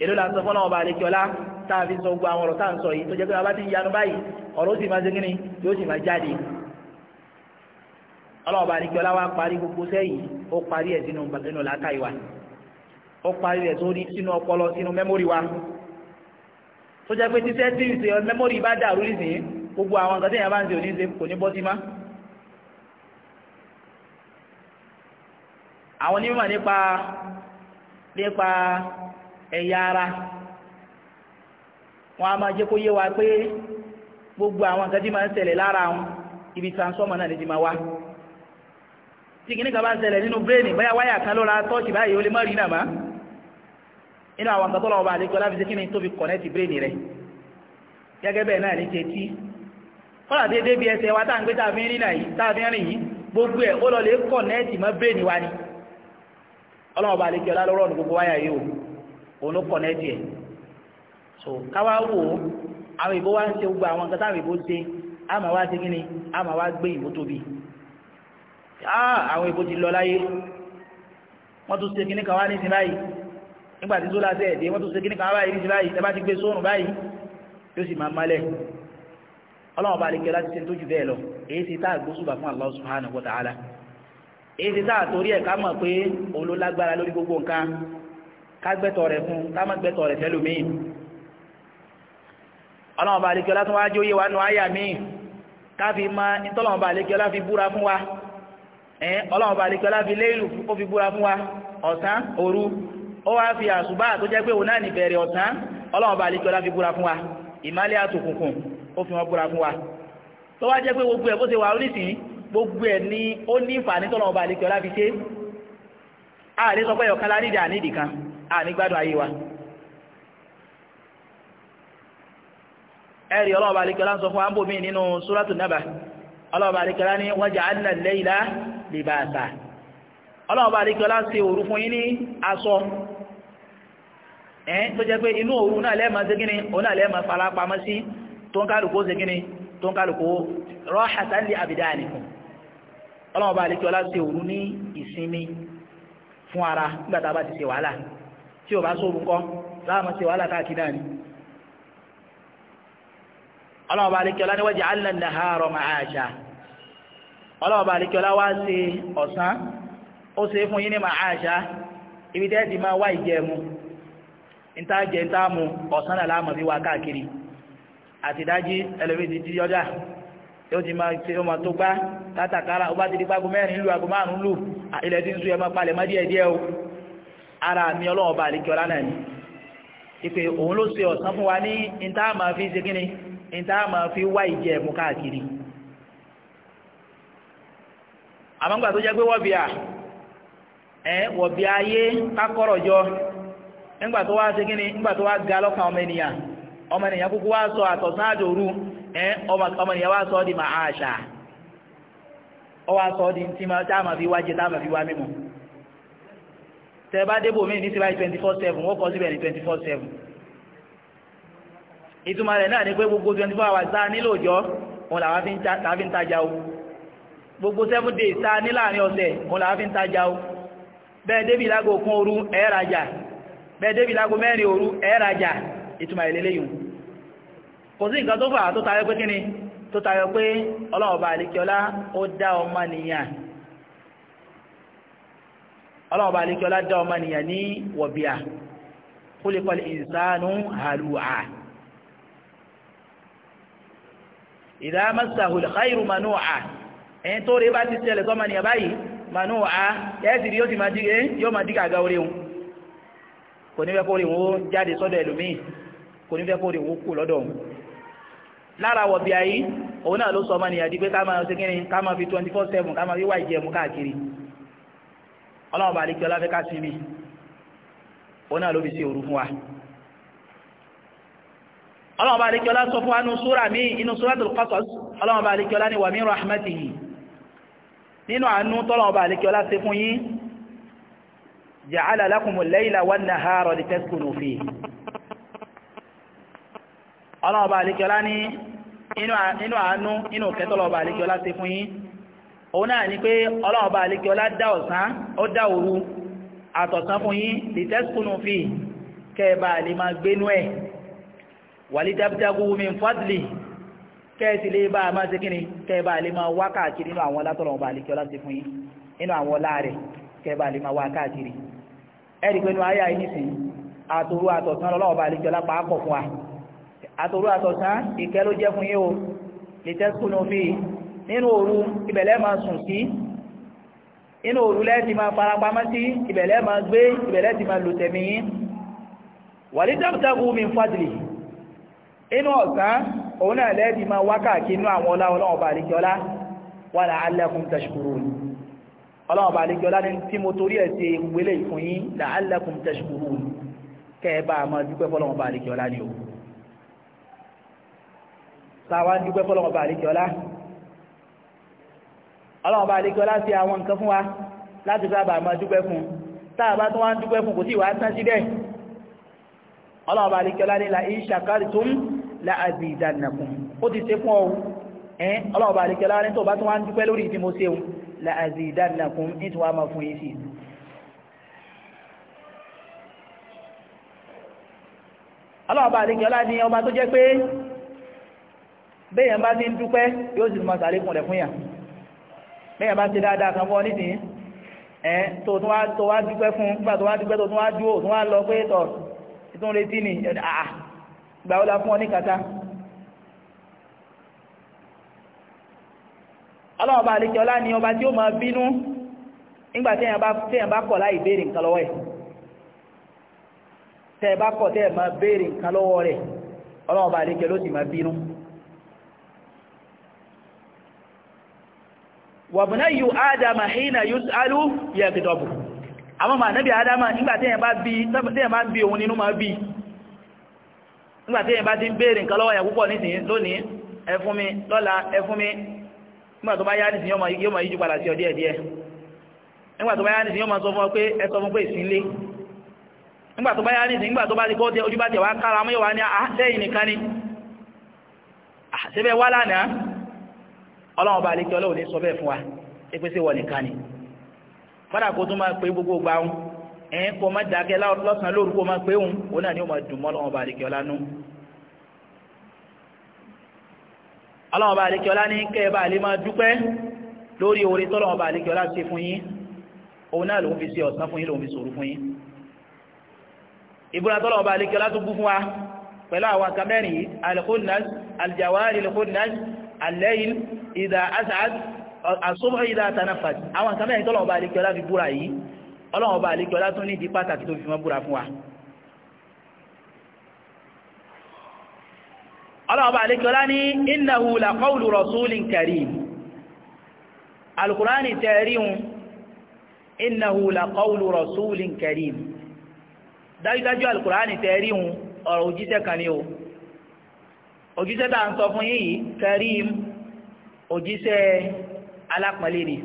[SPEAKER 1] èló la sọ fọ́nà ọba àlekíọ́lá tá a fi sọ gbogbo àwọn ọ̀rọ̀ tá à ń sọ yìí tó jẹ́ pé bàbá ti ń yanu báyìí ọ̀rọ̀ ó sì máa ṣe ni yóò sì máa jáde ọlọ́ọ̀ba àlekíọ́lá wa parí gbogbo sẹ́yìn ó parí ẹ̀ sínú nínú làákàyè wa ó parí ẹ̀ sórí sínú ọpọlọ sínú mẹ́mórì wa tó jẹ́ pé tíṣẹ́ tí ìṣe mẹ́mórì bá dàrú nísìnyí gbogbo àwọn nǹkan téèyàn bá ń ṣe òní ṣe kò ní bọ́ sí àwọn onímọ̀ nípa nípa ẹ̀yà ara wọn a máa jẹ́ kó yé wa pé gbogbo àwọn nǹkan tí máa ń ṣẹlẹ̀ lára wọn ibi transformer náà lè ti máa wá tí kìnnìkan bá ṣẹlẹ̀ nínú brain báyà wáyà kan lóra tọ́ọ̀ṣì báyìí ó lè má rí nàmá inú àwọn nǹkan tó lọ́wọ́ connect brain rẹ̀ gẹ́gẹ́ bẹ́ẹ̀ náà wa tá à ń gbé tá a fi ń rìn náà yìí tá a fi ń rìn yìí gbogbo ẹ̀ ó lọ lè mọ́ wa ni ọlọ́run o olókọ̀ nẹ́ẹ̀tì ẹ̀ so káwá wò ó àwọn ìbò wá ń ṣe gbogbo àwọn nǹkan táwọn ìbò ṣe á máa wá ṣe kí ni á máa wá gbé ìbò tóbi àwọn ìbò ti lọ láyé wọ́n tún ṣe kí ní kan wá ní sí báyìí nígbà tí zola ṣe ẹ̀dẹ́ wọ́n tún ṣe kí ní kan wá ní sí báyìí tẹ́bá ti gbé sóòrùn báyìí yóò sì máa mọ́lẹ̀ ọlọ́wọ́n bá lè kẹ́ láti ṣe tó jù bẹ́ẹ̀ èyí ti tá àgbóṣùbà fún Allah subhanahu wa ta'ala èyí ti tá àtòrí ẹ̀ ká mọ̀ pé òun lórí gbogbo nǹkan kágbẹ́tọ̀ rẹ̀ fún kámágbẹ́tọ̀ rẹ̀ fẹ́lòmíì ọlọ́run bá àlekíọ́lá tún wáá jóyè wá nu àyà míì káfí ma ìtọ́lọ́run bá àlekíọ́lá fi búra fún wa ẹ̀ ọlọ́run bá àlekíọ́lá fi léèlù ó fi búra fún wa ọ̀sán òru ó wáá fi àṣùbà tó jẹ́ pé òun náà nìbẹ̀rẹ̀ ọ̀sán ọlọ́run bá àlekíọ́lá fi búra fún wa ìmálẹ̀ àtòkùnkùn ó fi wọn búra fún wa tó wá jẹ́ pé gbogbo ẹ̀ bó ṣe wà ó gbogbo ẹ̀ ni ó ní ìfàní tọ́lọ́run bá àlekíọ́lá fi ṣe àlè sọ pé ọ̀kan lárídìí àníìdì kan àní gbádùn ayé wa. ẹ̀rí ọlọ́ọ̀bà àríkẹ́lá ń sọ fún àbòmí nínú súrátù ọlọ́ọ̀bà àríkẹ́lá ní ọlọ́ọ̀bà àríkẹ́lá ṣe òru fún yín ní aṣọ ẹ̀ tó jẹ́ pé inú òru náà fara sí tó ń ṣe tó ń kálukú rahatan li ọlọ́ọ̀bà àríkẹ́lá ṣe òru ní ìsinmi a tí o bá sóòrù ńkọ́ láàmú sí wàhálà káàkiri náà ni ọlọ́ọ̀bá alékiọlá níwájú alẹ́nà àárọ̀ máa àṣà ọlọ́ọ̀bá alékiọlá wá sí ọ̀sán ó ṣe fún yín ní máa àṣà ibi tẹ́ ti máa wá ìjẹmu níta jẹ níta mu ọ̀sán náà láàmú bí wá káàkiri àtidájí ẹlòmíì ti ara mi ọlọ́wọ́n bá àdékẹ́ ọlá náà ni ìpè òun ló ṣe ọ̀sán fún wa ní fi ṣe kíni níta fi wá ìjẹ́ ẹ̀mú káàkiri àmọ́ tó jẹ́ pé wọ́bìà ẹ̀ wọ̀bìà ayé kákọ́rọ̀ nígbà tó wá ṣe kíni nígbà tó wá ga lọ́kàn ọmọ ènìyàn ọmọ ènìyàn kúkú wá sọ àtọ̀sán àdòru ẹ̀ ọmọ ènìyàn wá sọ ọ́ di màá àṣà ọ wá sọ di ntí tẹ bá débò mí ní ti báyìí twenty four seven wọ́n kọ síbẹ̀ ní twenty four seven ìtumọ̀ rẹ̀ náà ni pé gbogbo twenty four hours a nílò òjọ́ òun làwọn fi ń tajà o gbogbo seven days sáà ní láàrin ọ̀sẹ̀ òun làwọn fi ń tajà o bẹ́ẹ̀ débi lágo kún òru ẹ̀ rajà bẹ́ẹ̀ débi lágo mẹ́rin òru ẹ̀ rajà ìtumọ̀ rẹ̀ lélẹ́yìn kò sí nǹkan tó fà tó tayọ pé kíni tó tayọ pé ọlọ́run ọba àlekíọlá ó dá ọmọ nìyàn ọlọ́ọ̀bá alékẹ́ ọládá ọmọ nìyàn ní wọ̀bíà khuliqal insanu halu'a idha massahu alkhayru manu'a ẹ̀yìn tó rí bá ti ṣẹlẹ̀ sọ́mọ nìyàn báyìí manu'a ẹ̀ẹ́sì rí yóò ti máa dígà eh, gá orí wọn kò ní fẹ́ kó rí wọn jáde sọ́dọ̀ ẹlòmíì kò ní fẹ́ kó rí wọn kú lọ́dọ̀ wọn lára wọ̀bíà yìí òun náà ló sọ ọmọ nìyàn di pé ká máa ṣe kíni ká máa fi twenty four seven ká máa fi wá ìjẹun káàkiri ọlọ́ọ̀bà àríkẹ́ ọláfẹ́ ká sí mi ó náà ló fi sí òru fún wa ọlọ́ọ̀bà àríkẹ́ ọlá sọ fún wa nú súra mi inú súratul Qasas ọlọ́ọ̀bà àríkẹ́ ọlá ní wa min rahmatihi nínú àánú tọ́lọ̀ọ̀bà àríkẹ́ ọlá ṣe fún yín ja'ala lakumul layla wan nahara litaskunu fihi ọlọ́ọ̀bà àríkẹ́ ọlá ní inú àánú inú kẹtọ́lọ̀ọ̀bà àríkẹ́ ọlá ṣe fún yín òun náà ni pé ọlọ́run bá àlékè ọlá dá ọ̀sán ó dá òru àtọ̀sán fún yín lìtẹ́sùkùnù fi kẹ́ẹ̀bà lè máa gbénú ẹ̀ wàlídábídágú min fadli kẹ́ẹ̀sì lè bá máa ṣe kíni kẹ́ẹ̀bà lè máa wá káàkiri nínú àwọn látọ̀rọ̀ ọba àlékè ọlá ti fún yín nínú àwọn ọlá rẹ̀ kẹ́ẹ̀bà lè máa wá káàkiri ẹ̀rí pé nínú ayé ayé nìsín àtòrú àtọ̀sán ọlọ́run nínú òru ibẹ̀lẹ́ máa sùn sí inú òru lẹ́ẹ̀tì máa farapamọ́ sí ibẹ̀lẹ́ máa gbé ibẹ̀lẹ́ ti máa lò tẹ̀mí yín wàlídàbùtàbù min fadli inú ọ̀sán òun náà lẹ́ẹ̀tì máa wá inú àwọn ọlá tashkurun ọlọ́run ọba àlekíọ́lá ní tí mo torí ẹ̀ ṣe ìwélé tashkurun kẹ́ẹ̀bá máa dúpẹ́ fọlọ́run ọba àlekíọ́lá ni o sáwa dúpẹ́ ọlọ́run bá lékọ́ láti àwọn nǹkan fún wa láti sábà máa dúpẹ́ fún táàbá tó wá ń dúpẹ́ fún kò tí wà tán síbẹ̀ ọlọ́run bá lékọ́ láti la in shakartum la azidannakum ó ti ṣe fún ọ ẹn ọlọ́run bá lékọ́ láti tó bá tó wá ń dúpẹ́ lórí tí mo ṣe o la azidannakum ní tí wàá máa fún yín sí i ọlọ́ọ̀bá àríkẹ́lá ni ọba tó jẹ́ pé béèyàn bá ti ń dúpẹ́ yóò sì mọ́ sàrékùnlẹ̀ fún yàn lẹ́yìn bá ti dáadáa kan fọ́ nídìí ẹ̀ tó tó wá dúpẹ́ fún nígbà tó wá dúpẹ́ tó tó wá dúró tó wá lọ pé tọ̀ tó ń retí ni àà gbà ó la fún ọ ní kàtá. ọlọ́ọ̀bá àlejò ọlá ni ọba tí ó máa bínú nígbà téèyàn bá kọ̀ láì béèrè nǹkan lọ́wọ́ ẹ̀ tẹ́ẹ̀ bá kọ̀ tẹ́ẹ̀ máa béèrè nǹkan lọ́wọ́ rẹ̀ ọlọ́ọ̀bá àlejò ló sì máa bínú. wàbùnáyù ádámà hìnà yóò alú yẹ gidọ̀bù àwọn ma nábi ádámà nígbàtíyàn bá bí ohun nínú ma bí nígbàtíyàn bá ti ń bèèrè nǹkan lọ́wọ́ yẹn púpọ̀ nísìnyí lónìí ẹ fún mi lọ́la ẹ fún mi nígbà tó bá yá nísìnyí yóò ma yíjú padà sí ọ díẹ̀díẹ̀ nígbà tó bá yá nísìnyí yóò ma ọlọ́run bá lè kí ọlọ́run ní sọ bẹ́ẹ̀ fún wa ẹgbẹ́ sí wọn nìkan ni fọ́dà kó tún máa pé gbogbo gba òun ẹ̀ kó má dákẹ́ lọ́sàn-án lóru kó pé òun òun náà ni ó máa dùn mọ́ ọlọ́run bá lè kí ọlá nú. ọlọ́run bá lè kí ọlá ní kẹ́ ẹ bá lè máa dúpẹ́ lórí oore tọ́lọ́run bá lè kí ọlá ṣe fún yín òun náà lòun fi ṣe ọ̀sán fún yín lòun fi ṣòru fún yín. ìbúra tọ́lọ́run bá lè kí ọlá tó bú fún wa pẹ̀lú àwọn àkàmẹ́rin yìí al-khunnas al-jawari al al-layl idha as'ad as-subh idha tanaffas àwọn nǹkan mẹ́rin tọ́lọ́wọ́ bá àlékẹ́ ọlá fi búra yìí ọlọ́wọ́ bá àlékẹ́ ọlá tún ní ìdí pàtàkì tó fi mọ́ búra fún wa ọlọ́wọ́ bá àlékẹ́ ọlá ní innahu la qawlu rasulin karim alukurani tẹ̀ríhun innahu la qawlu rasulin dájúdájú alukurani tẹ̀ríhun ọ̀rọ̀ òjíṣẹ́ kan ni o òjíṣẹ́ tá à ń sọ fún yín yìí karim òjíṣẹ́ alápọ̀nlé ni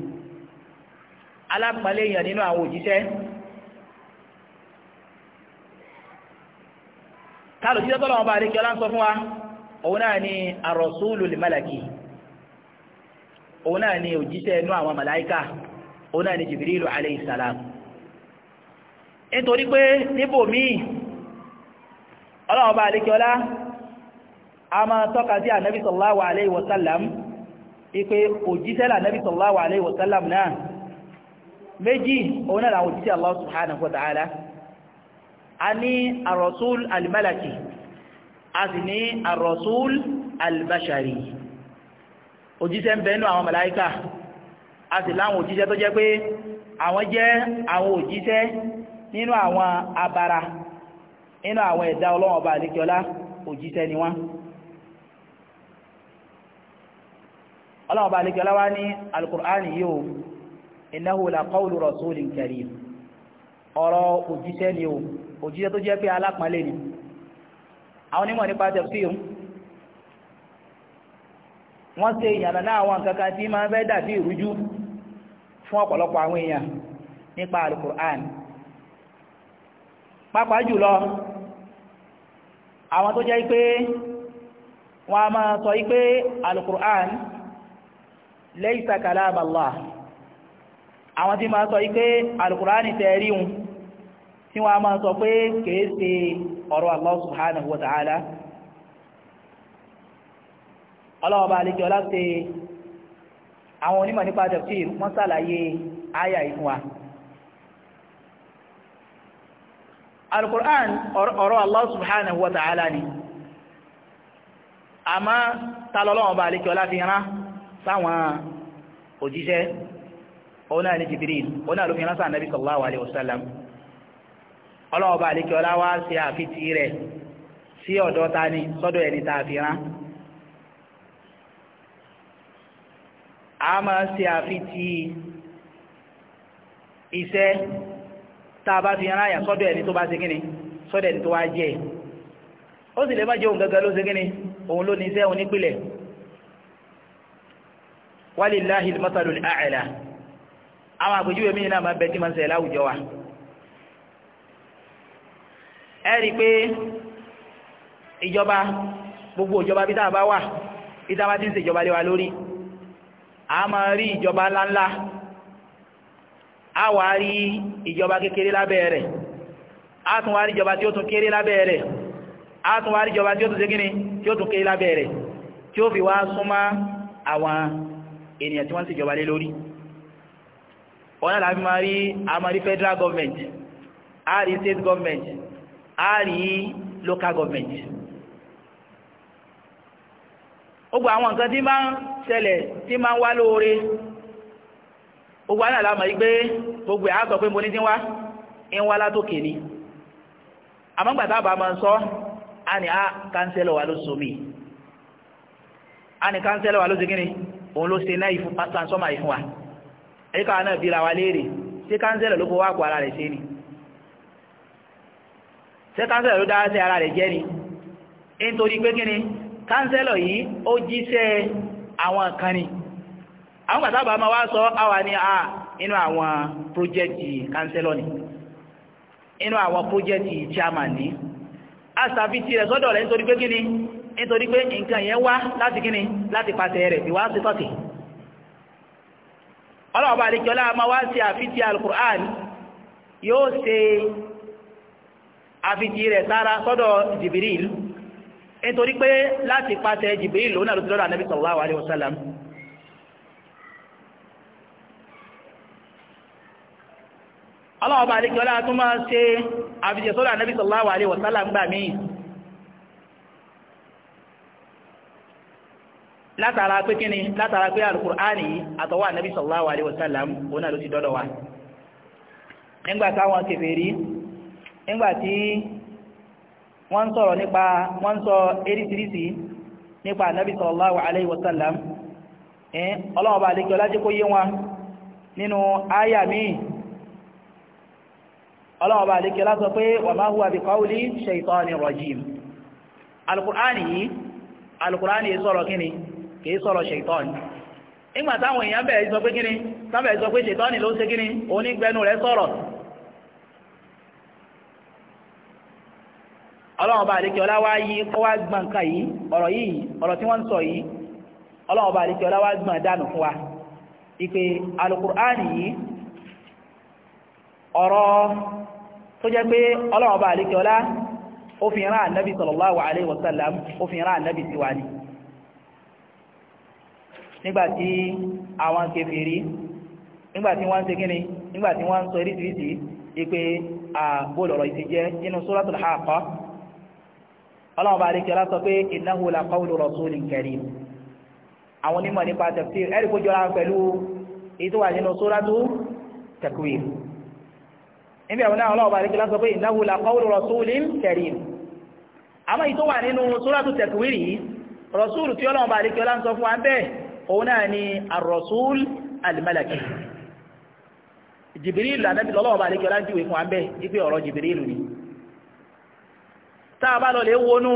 [SPEAKER 1] alápọ̀nlé yàn nínú àwọn òjíṣẹ́ tá lòjíṣẹ́ tọ́lọ̀ wọn bá àdékẹ́ ọlá ń sọ fún wa òun náà ni àròsúlù lìmọ́làkì òun náà ni òjíṣẹ́ inú àwọn màláíkà òun náà ni jìbìrìlù alayhi salam nítorí pé níbòmíì ọlọ́wọ́n bá àdékẹ́ ọlá a máa tọ́ka sí ànábì sallallahu alayhi wa sallam ipe òjíṣẹ́ ànábì sallallahu alayhi wa sallam náà méjì òun náà làwọn òjíṣẹ́ Allah subhanahu wa ta'ala a ní ar-rasul al-malaki a sì ní ar-rasul al-bashari òjíṣẹ́ ń bẹnu àwọn màláíkà a sì láwọn òjíṣẹ́ tó jẹ́ pé àwọn jẹ́ àwọn òjíṣẹ́ nínú àwọn abara nínú àwọn ẹ̀dá ọlọ́wọ̀n ọba àdíkíọlá òjíṣẹ́ ni wọ́n ọlọ́wọ́ bá lẹ́kẹ́ lọ́wọ́ ní alukur'ani yóò innahu la qawlu rasulin karim ọ̀rọ̀ òjíṣẹ́ ni o òjíṣẹ́ tó jẹ́ pé alápọ̀nlé ni àwọn onímọ̀ nípa tafsir wọ́n ṣe ìyànà náà àwọn nǹkan kan tí máa ń fẹ́ dàbí ìrújú fún ọ̀pọ̀lọpọ̀ àwọn èèyàn nípa alukur'ani pàápàá jùlọ àwọn tó jẹ́ pé wọ́n a máa sọ pé alukur'ani laysa kalam Allah àwọn tí máa sọ ipé alkùránì tẹ́ríun tí wọ́n máa sọ pé kìí ṣe ọ̀rọ̀ Allah subhanahu wa ta'ala ọlọ́ọ̀bá alẹ́kẹ́ ọlá ṣe àwọn onímọ̀ nípa tafsir wọ́n sàlàyé àyà ìfún wa alkùránì ọ̀rọ̀ Allah subhanahu wa ta'ala ni àmá talọ́lọ́ọ̀bá alẹ́kẹ́ sáwọn òjíṣẹ́ ọ̀nà ní ọ̀nà ló fi ránṣẹ́ ànábì sallallahu alayhi ọlọ́ọ̀bá àlékí wá sí àfitì rẹ̀ sí ta ni sọ́dọ̀ ẹni tá fi a máa ṣe àfitì iṣẹ́ tá a bá fi rán ya sọ́dọ̀ ẹni tó bá ṣe sọ́dọ̀ ẹni tó wá jẹ́ ó sì lè má jẹ́ òun gẹ́gẹ́ ló òun ló ní iṣẹ́ walillahi al-masalul a'la àwọn àpèjúwe mí náà máa bẹ tí máa ń ṣẹlẹ̀ láwùjọ wa ẹ rí i pé ìjọba gbogbo ìjọba bí táà bá wà bí táà bá ti ń ṣe ìjọba lé wa lórí a máa rí ìjọba ńláńlá a wà rí ìjọba kékeré lábẹ́ rẹ̀ a tún wá rí ìjọba tí ó tún kéré lábẹ́ rẹ̀ a tún wá rí ìjọba tí ó tún ṣe kíni fi wá súnmọ́ àwọn ènìyàn tí wọ́n sì jọba lé lórí wọ́n náà láti máa rí amari federal government a state government a local government gbogbo àwọn nǹkan tí máa ń ṣẹlẹ̀ tí máa ń wá lóore gbogbo àwọn àlámọ̀ yìí pé gbogbo ẹ̀ á sọ pé mo ní tí ń wá ń wá ni máa òun ló ṣe náà ìfún transformer ìfún wa ẹ̀ka náà bí ra wa léèrè ṣé kánsẹ̀lẹ̀ ló fowó àpò ara rẹ̀ ṣe ni ṣé kánsẹ̀lẹ̀ ló dára sí ara rẹ̀ jẹ́ ni nítorí pé kí ni kánsẹ̀lọ̀ yìí ó jíṣẹ́ àwọn kan ni àwọn gbàtàbà máa wá sọ àwà ní à inú àwọn pírójẹ́tì kánsẹ̀lọ̀ ni inú àwọn pírójẹ́tì chairman ni a rẹ̀ sọ́dọ̀ rẹ̀ nítorí pé kí ni nítorí pé nǹkan yẹn wá láti kíni láti pàtẹ rẹ̀ ìwá sí tọ́tì ọlọ́ọ̀bá àlejọ́lá ma wá sí àfitì alukur'an yóò ṣe àfitì rẹ̀ sára sọ́dọ̀ Jibril nítorí pé láti pàtẹ Jibril lónà ló ti lọ́dọ̀ anábì sallallahu alaihi ọlọ́ọ̀bá àlejọ́lá tún látara pé kíni látara pé alukur'ani àtọwọ́ ànábì sallallahu alaihi wasallam òun náà ló ti dọ́dọ̀ wa nígbà táwọn kèfèrí nígbà tí wọ́n ń sọ̀rọ̀ nípa wọ́n ń sọ eríṣiríṣi nípa ànábì sallallahu alaihi wasallam ẹ̀ ọlọ́wọ́ bá lè kí ọlájẹ́ kó yé wọn nínú áyà míì ọlọ́wọ́ bá lè kí ọlá sọ pé wa ma huwa bi qawli shaytanir rajim alukur'ani yìí alukur'ani yìí sọ̀rọ̀ kíni kìí sọ̀rọ̀ ṣètọ́ni nígbà táwọn èèyàn bẹ̀rẹ̀ sọ pé kíni tábẹ̀ sọ pé ṣètọ́ni ló ṣe kíni onígbẹnu rẹ̀ sọ̀rọ̀ ọlọ́run ọba àdékẹ́ ọlá wá yí kọ́ wá gbọ́n nǹkan yìí ọ̀rọ̀ yìí ọ̀rọ̀ tí wọ́n sọ yìí ọlọ́run ọba àdékẹ́ ọlá dànù yìí ọ̀rọ̀ sallallahu alaihi nígbàtí àwọn kèfèrí nígbàtí wọ́n ń ṣe kíni nígbàtí wọ́n ń sọ eréṣiríṣi ipe àbólọ̀rọ̀ ìtìjẹ́ nínú suratul Haqa ọlọ́run bá rí kí ọlá sọ pé innahu la qawlu rasulin karim àwọn onímọ̀ nípa tafsir ẹ̀rí kó jọra pẹ̀lú èyí tó wà nínú suratu Takwir níbi àwọn náà ọlọ́run bá rí kí ọlá sọ pé innahu la qawlu rasulin karim àmọ́ èyí tó wà nínú suratu Takwir yìí tí ọlọ́run bá rí fún wa bẹ́ẹ̀ òun náà ni arọ̀súl alimalaki jìbìrìlù ànábì lọ́lọ́wọ́ bá àdékẹ́ láti wé fún wa bẹ́ẹ̀ ipe ọ̀rọ̀ jìbìrìlù ni tá a bá lọ lè wọnú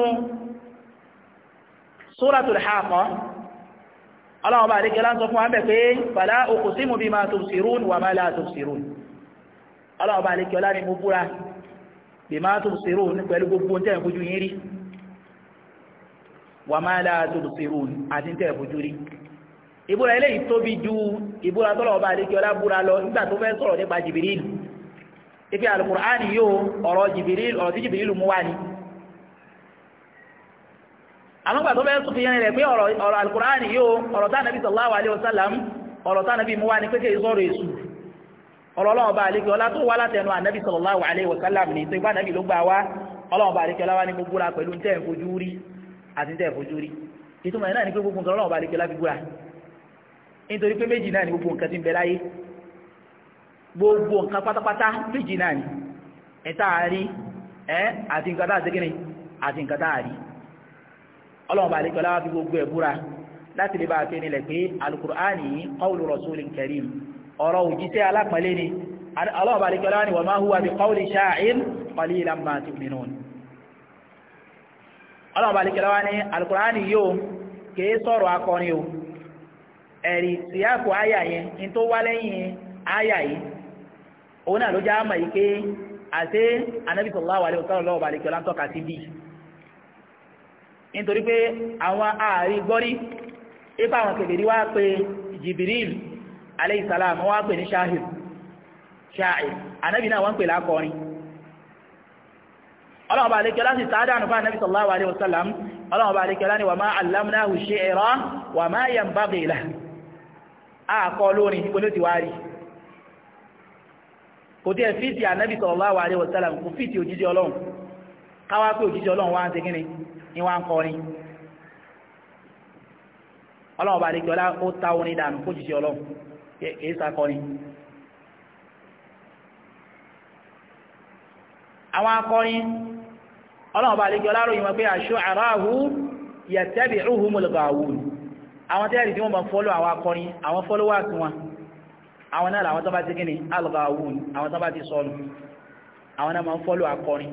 [SPEAKER 1] suratul Haqa ọlọ́wọ́ bá àdékẹ́ láti sọ fún wa bẹ́ẹ̀ pé fala uqsimu bima tubsirun wa ma la tubsirun ọlọ́wọ́ bá àdékẹ́ láti mú búra bima tubsirun pẹ̀lú gbogbo tẹ̀ fojú yín rí wa ma la tubsirun ìbúra eléyìí tóbi ju ìbúra tọ́lọ̀ ọba àdékíọ́lá búra lọ nígbà tó fẹ́ sọ̀rọ̀ nípa jìbìrìl ìfi àlùkùránì yóò ọ̀rọ̀ jìbìrìl ọ̀rọ̀ tí jìbìrìl mú wá ni. àmọ́ gbà tó fẹ́ sọ fi yẹn rẹ̀ pé ọ̀rọ̀ àlùkùránì yóò ọ̀rọ̀ tá nàbí sallallahu alaihi wasallam ọ̀rọ̀ tá nàbí mú wá ni pé kéè sọ̀rọ̀ èṣù ọ̀rọ̀ ọlọ́ọ̀ba àdékíọ́lá tó wá látẹnu ànábì sallallahu alaihi wasallam ni tó ipá nàbí ló gbà wá ọlọ́ọ̀ba àdékíọ́lá wá ní nítorí pé méjì náà ni gbogbo nǹkan tí ń bẹ láyé gbogbo nǹkan pátápátá méjì náà ni ẹ̀ta àárí ẹ́ àti nǹkan tá àtẹ́kẹ́ni àti nǹkan tá àárí ọlọ́run bá àlejò aláwọ̀ fi gbogbo ẹ̀ búra láti lè bá a fi nílẹ̀ pé alukur'ani qawlu rasulin karim ọ̀rọ̀ òjíṣẹ́ alápọ̀nlé ni ọlọ́run bá àlejò aláwọ̀ ni wa ma huwa bi qawli sha'ir qalilan ma tu'minun ọlọ́run bá àlejò aláwọ̀ ni alukur'ani yóò kèé sọ̀rọ̀ akọrin o ẹ̀rí síyáàkù àyà yẹn ní tó wá lẹ́yìn àyà yìí òun anabi wasallam lọ́wọ́ balẹ̀ kíọ́lá ń tọ́ka sí bí nítorí pé àwọn ààrí gbọ́rí ipa àwọn wá Jibril wá pè sha'ir anabi náà wọ́n pè lákọrin ọlọ́wọ́ balẹ̀ kíọ́lá sì sáádánù fún anabi wasallam ọlọ́wọ́ balẹ̀ àkọ́ lórin ibo ló ti kò tí ẹ fíìtì ànábì sallallahu alaihi wasallam kò fíìtì òjíjẹ́ ọlọ́run káwá pé òjíjẹ́ ni ọlọ́run bá dékè ọlá ó ta orin dànù kó jíjẹ́ àwọn àwọn tẹ́lẹ̀ tí wọ́n máa fọ́lọ́ àwọn akọrin àwọn followers wọn àwọn náà làwọn tó bá ti kíni alghawun àwọn tó bá ti sọnù àwọn náà máa fọ́lọ́ akọrin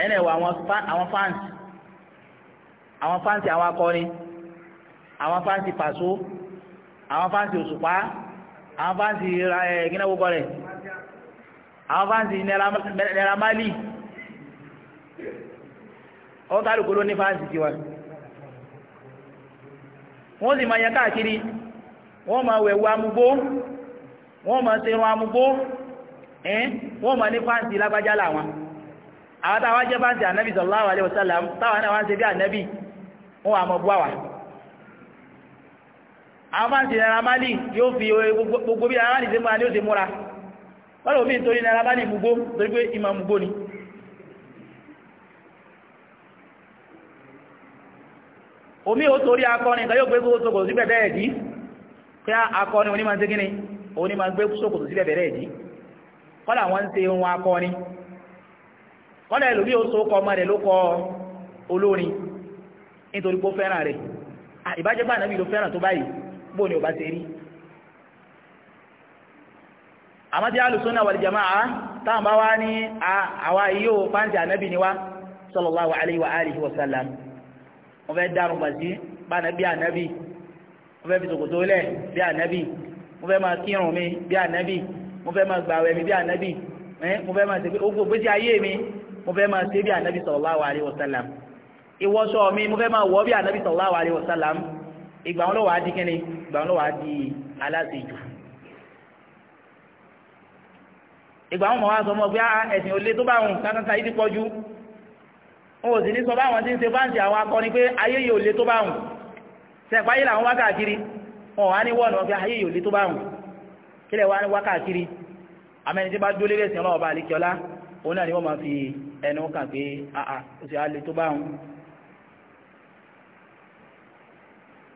[SPEAKER 1] ẹ̀yìn náà wọ àwọn fans àwọn fans àwọn akọrin àwọn fans pàṣọ àwọn fans òṣùpá àwọn fans gínáwókọ eh, rẹ̀ àwọn fans Naira Marley ọ̀tá àlùkò ló ní fans tiwa wọ́n sì máa yẹ káàkiri wọ́n máa wẹ̀wù amúgbó wọ́n máa serun amúgbó ẹ́n wọ́n máa ní fáǹsì lágbájá làwọn àwọn táwọn jẹ́ fáǹsì ànábì sallallahu alaihi wasallam táwọn náà wá ń ṣe bí ànábì wọ́n wà mọ̀ bú àwà àwọn fáǹsì náírà málì yóò fi gbogbo bí náírà málì ṣe múra ní ó wọ́n lè omi nítorí náírà málì mugbó torí pé ìmọ̀ mugbó ni omi ò torí akọrin kan yóò gbé gbogbo sókòtò síbẹ̀ bẹ́ẹ̀ dí pé akọrin onímọ̀ ń segin ni onímọ̀ ń gbé sókòtò síbẹ̀ bẹ́ẹ̀ dí kọ́lá wọn ń ṣe ohun akọrin kọ́lá ẹlòmí ò so kọ ọmọ rẹ̀ ló kọ olórin nítorí pé ó fẹ́ràn rẹ̀ ìbájẹ́ bá ànábì ló fẹ́ràn tó báyìí bóun ni ò bá ṣe rí àmọ́ tí alùsùnà wal jama'a táwọn bá wá ní àwa yìí ó pàǹtí ànábì ni wá sallallahu alaihi wa alihi wa sallam wọ́n fẹ́ dárun gbàtí bá bí ànábì wọ́n fẹ́ fi ṣòkòtò lẹ̀ bí ànábì wọ́n fẹ́ máa kírun mi bí ànábì wọ́n fẹ́ máa gbàwẹ̀ mi bí ànábì mo fẹ́ máa ṣe pé ogun ògbésí ayé mi mo fẹ́ máa ṣe bí ànábì sallallahu alaihi wasallam ìwọṣọ mi mo fẹ́ máa wọ̀ bí ànábì sallallahu alaihi wasallam ìgbà wọn lọ́wọ́ á di kíni ìgbà wọn lọ́wọ́ á di aláṣejù. ìgbà wọn mọ̀ wá sọ mọ́ pé ẹ̀sìn olè tó bá wọn kankan ta yìí ti pọ̀ ju wọn ò sì ní sọ báwọn ti ń ṣe báǹkì àwọn akọni pé ayé yìí ò le tó báwọn sẹ̀pá yìí làwọn wákàkiri wọn wá ní wọ́ọ̀nù ọ̀fẹ́ ayé yìí ò le tó báwọn kílẹ̀ wá ní wákàkiri amẹni tí bá dúró lé ẹ̀sìn ọlọ́ọ̀bá àlekíọ́lá òun náà ni wọ́n máa fi ẹnu pé àà le tó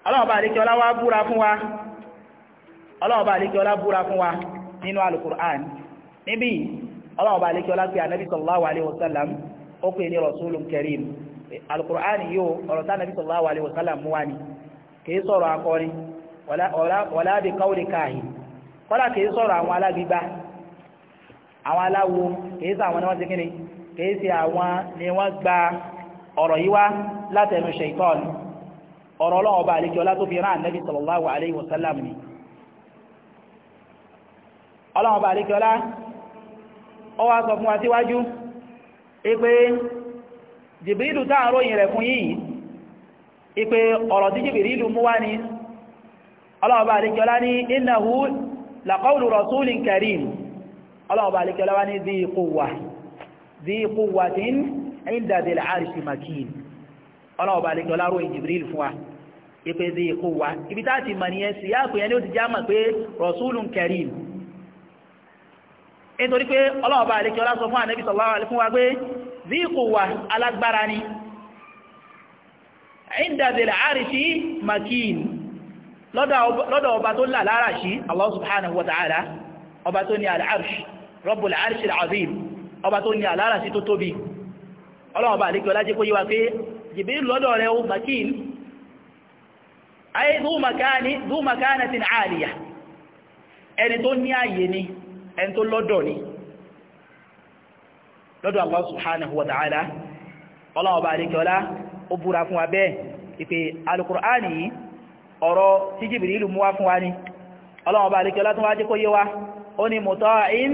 [SPEAKER 2] ọlọ́ọ̀bá wá
[SPEAKER 1] búra ó pè ní rasulun karim alukur'ani yóò ọ̀rọ̀ tá sallallahu alayhi wa sallam wa ni kìí sọ̀rọ̀ akọrin Awọn sọ ni wọ́n ti kíni kìí sọ àwọn ni wọ́n gba ọ̀rọ̀ yìí wá látẹnu shaitan ọ̀rọ̀ ọlọ́wọ́ bá fi sallallahu ni ọlọ́wọ́ ọba àlejò ọlá ọwọ́ sọ ipe jìbìrìlù tá à ń ròyìn rẹ̀ fún yìí ipe ọ̀rọ̀ tí jìbìrìlù mú wá ní ọlọ́ọ̀bá àlekẹ́lá ní innahu laqawlu rasulin karim ọlọ́ọ̀bá àlekẹ́lá wá ní dhi quwwa dhi quwwatin inda dhil arshi makin ọlọ́ọ̀bá àlekẹ́lá ròyìn jìbìrìlù fún wa ipe dhi quwwa ibi tá a ti mọ̀ nìyẹn síyá pé ẹni ó ti já mọ̀ rasulun karim nítorí pé ọlọ́ọ̀bá àlekẹ́ ọlá sọ fún ànẹ́bí sallallahu alaihi wa pé zíkù wà alágbára ni ìndàdìlẹ̀ àríṣí makin lọ́dọ̀ ọba tó là lára sí Allah subhanahu wa ta'ala ọba tó ní al'arṣi Rabbul arṣi al'azim ọba tó ní alára sí tó tóbi ọlọ́ọ̀bá àlekẹ́ ọlá jẹ́ kó yíwa pé Jibril lọ́dọ̀ rẹ̀ ẹni tó lọ́dọ̀ ni lọ́dọ̀ Allah subhanahu wa ta'ala ọlọ́wọ́ bá adékọ́lá ó búra fún wa bẹ́ẹ̀ ìpè alukur'ani ọ̀rọ̀ tí Jibrilu mú wá fún wa ni ọlọ́wọ́ bá adékọ́lá tó wá jẹ́ kó yé wa ó ní muta'in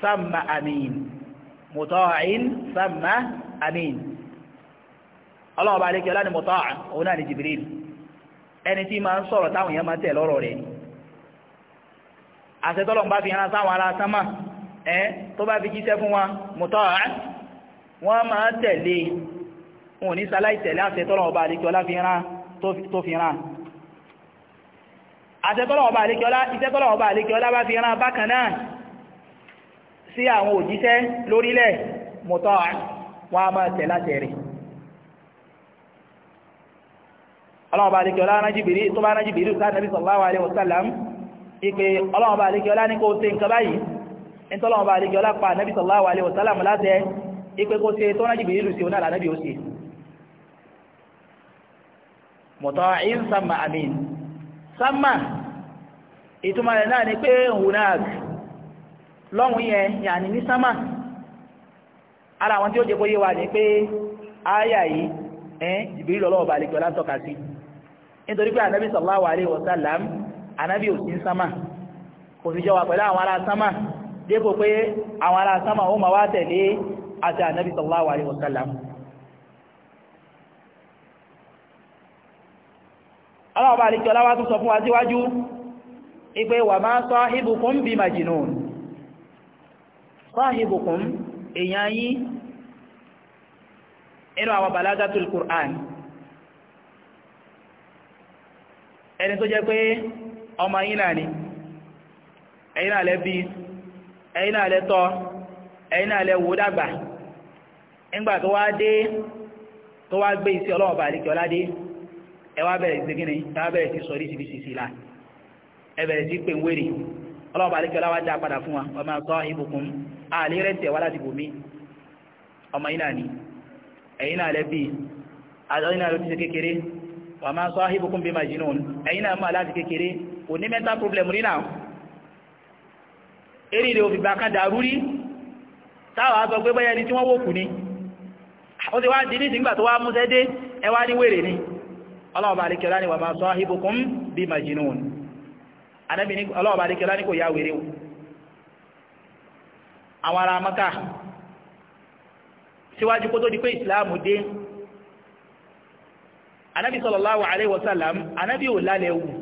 [SPEAKER 1] samma amin muta'in samma àṣẹtọ́lọ̀ bá fi hàn sáwọn ará sánmà ẹ́ tó bá fi jíṣẹ́ fún wa mọ̀tọ́ wọ́n máa tẹ̀lé wọn ní sáláì tẹ̀lé àṣẹtọ́lọ̀ ọba àlékiọlá tó fi hàn àṣẹtọ́lọ̀ ọba àlékiọlá iṣẹ́tọ́lọ̀ ọba àlékiọlá bá fi hàn bákan náà sí àwọn òjíṣẹ́ lórílẹ̀ mọ̀tọ́ wọ́n máa tẹ̀lé àṣẹ rẹ̀ ọlọ́ọ̀bá àlékiọlá rán Jibril tó bá rán Jibril sáà nàbí sallallahu ike ọlọ́ọ̀bá àríkẹ́ọlá ní kó ṣe nǹkan báyìí ní tọ́lọ́ọ̀bá àríkẹ́ọlá pa ànábì sallallahu alaihi wasallam láti ẹ ike kó ṣe tó rájì bèèrè sí onára mọ̀tọ́ in sama amin sama ìtumọ̀ rẹ̀ náà ni pé hunag lọ́hùn yẹn yàní ní sama ara àwọn tí ó bóyé wa ni pé yìí ẹ́ lọ́lọ́ọ̀bá tọ́ka sí anábì ò sí ń sánmà kò sí jọ wà pẹ̀lú àwọn ará sánmà dépò pé àwọn ará sánmà ó ma wá tẹ̀lé àti anábì sallallahu alaihi wasallam aláwọ̀bá àríkẹ́ ọláwá tún sọ fún wa síwájú ipé wà máa sahibukum bi majnun sahibukum èyàn yí inú àwọn balagatul Qur'an ẹni tó jẹ́ pé ọmọ yín náà ni ẹ̀yin náà bí ẹ̀yin náà lẹ tọ́ ẹ̀yin náà lẹ wò dàgbà ńgbà tó wá dé tó wá gbé isi ọlọ́wọ́ bàálí kí ọlá dé ẹ bẹ̀rẹ̀ sí gíní ẹ bẹ̀rẹ̀ sí sọ oríṣiríṣi sí sí la ẹ sí pé ń wéré ọlọ́wọ́ bàálí kí ọlá wá dá padà fún wa ọmọ akọ ibùkún àlè rẹ̀ tẹ̀ wá láti bò mí ọmọ yín ni ẹ̀yin náà bí àdọ́yìn náà ló ti ṣe kékeré wàmá sọ ibùkún bí màjínún ẹ̀yin náà mọ̀ láti kékeré kò ní mental problem rí náà eré rẹ̀ òfìgbà kan dàrú rí táwọn aṣọ pé bẹ́yẹ ni tí wọ́n wòkù ni ó ti wá di ní ìsìngbà tó wá múṣẹ́ dé ẹ wá ní wèrè ni ọlọ́run bá alékẹ́lá ni wà máa sọ ahibukum bí majinun anábì ní ọlọ́run bá alékẹ́lá ní kò yá wèrè o àwọn ará maka síwájú kó tó di pé ìsìláàmù dé anábì sallallahu alaihi wasallam anábì ò lálẹ́ wù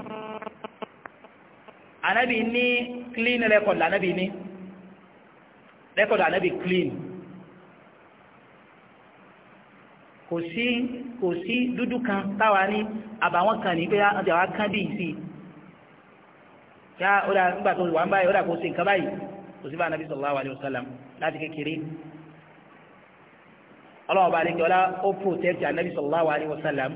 [SPEAKER 1] anabi ni clean record record anabi clean kò sí kò sí dúdú kan táwa ní kan ní pé ọjà wa kán bíi sí yá ó dà nígbà tó wà ń báyìí ó dà kó anabi sallallahu alaihi wasallam láti kékeré ọlọ́wọ́ bá lè jọlá ó protect anabi sallallahu alaihi wasallam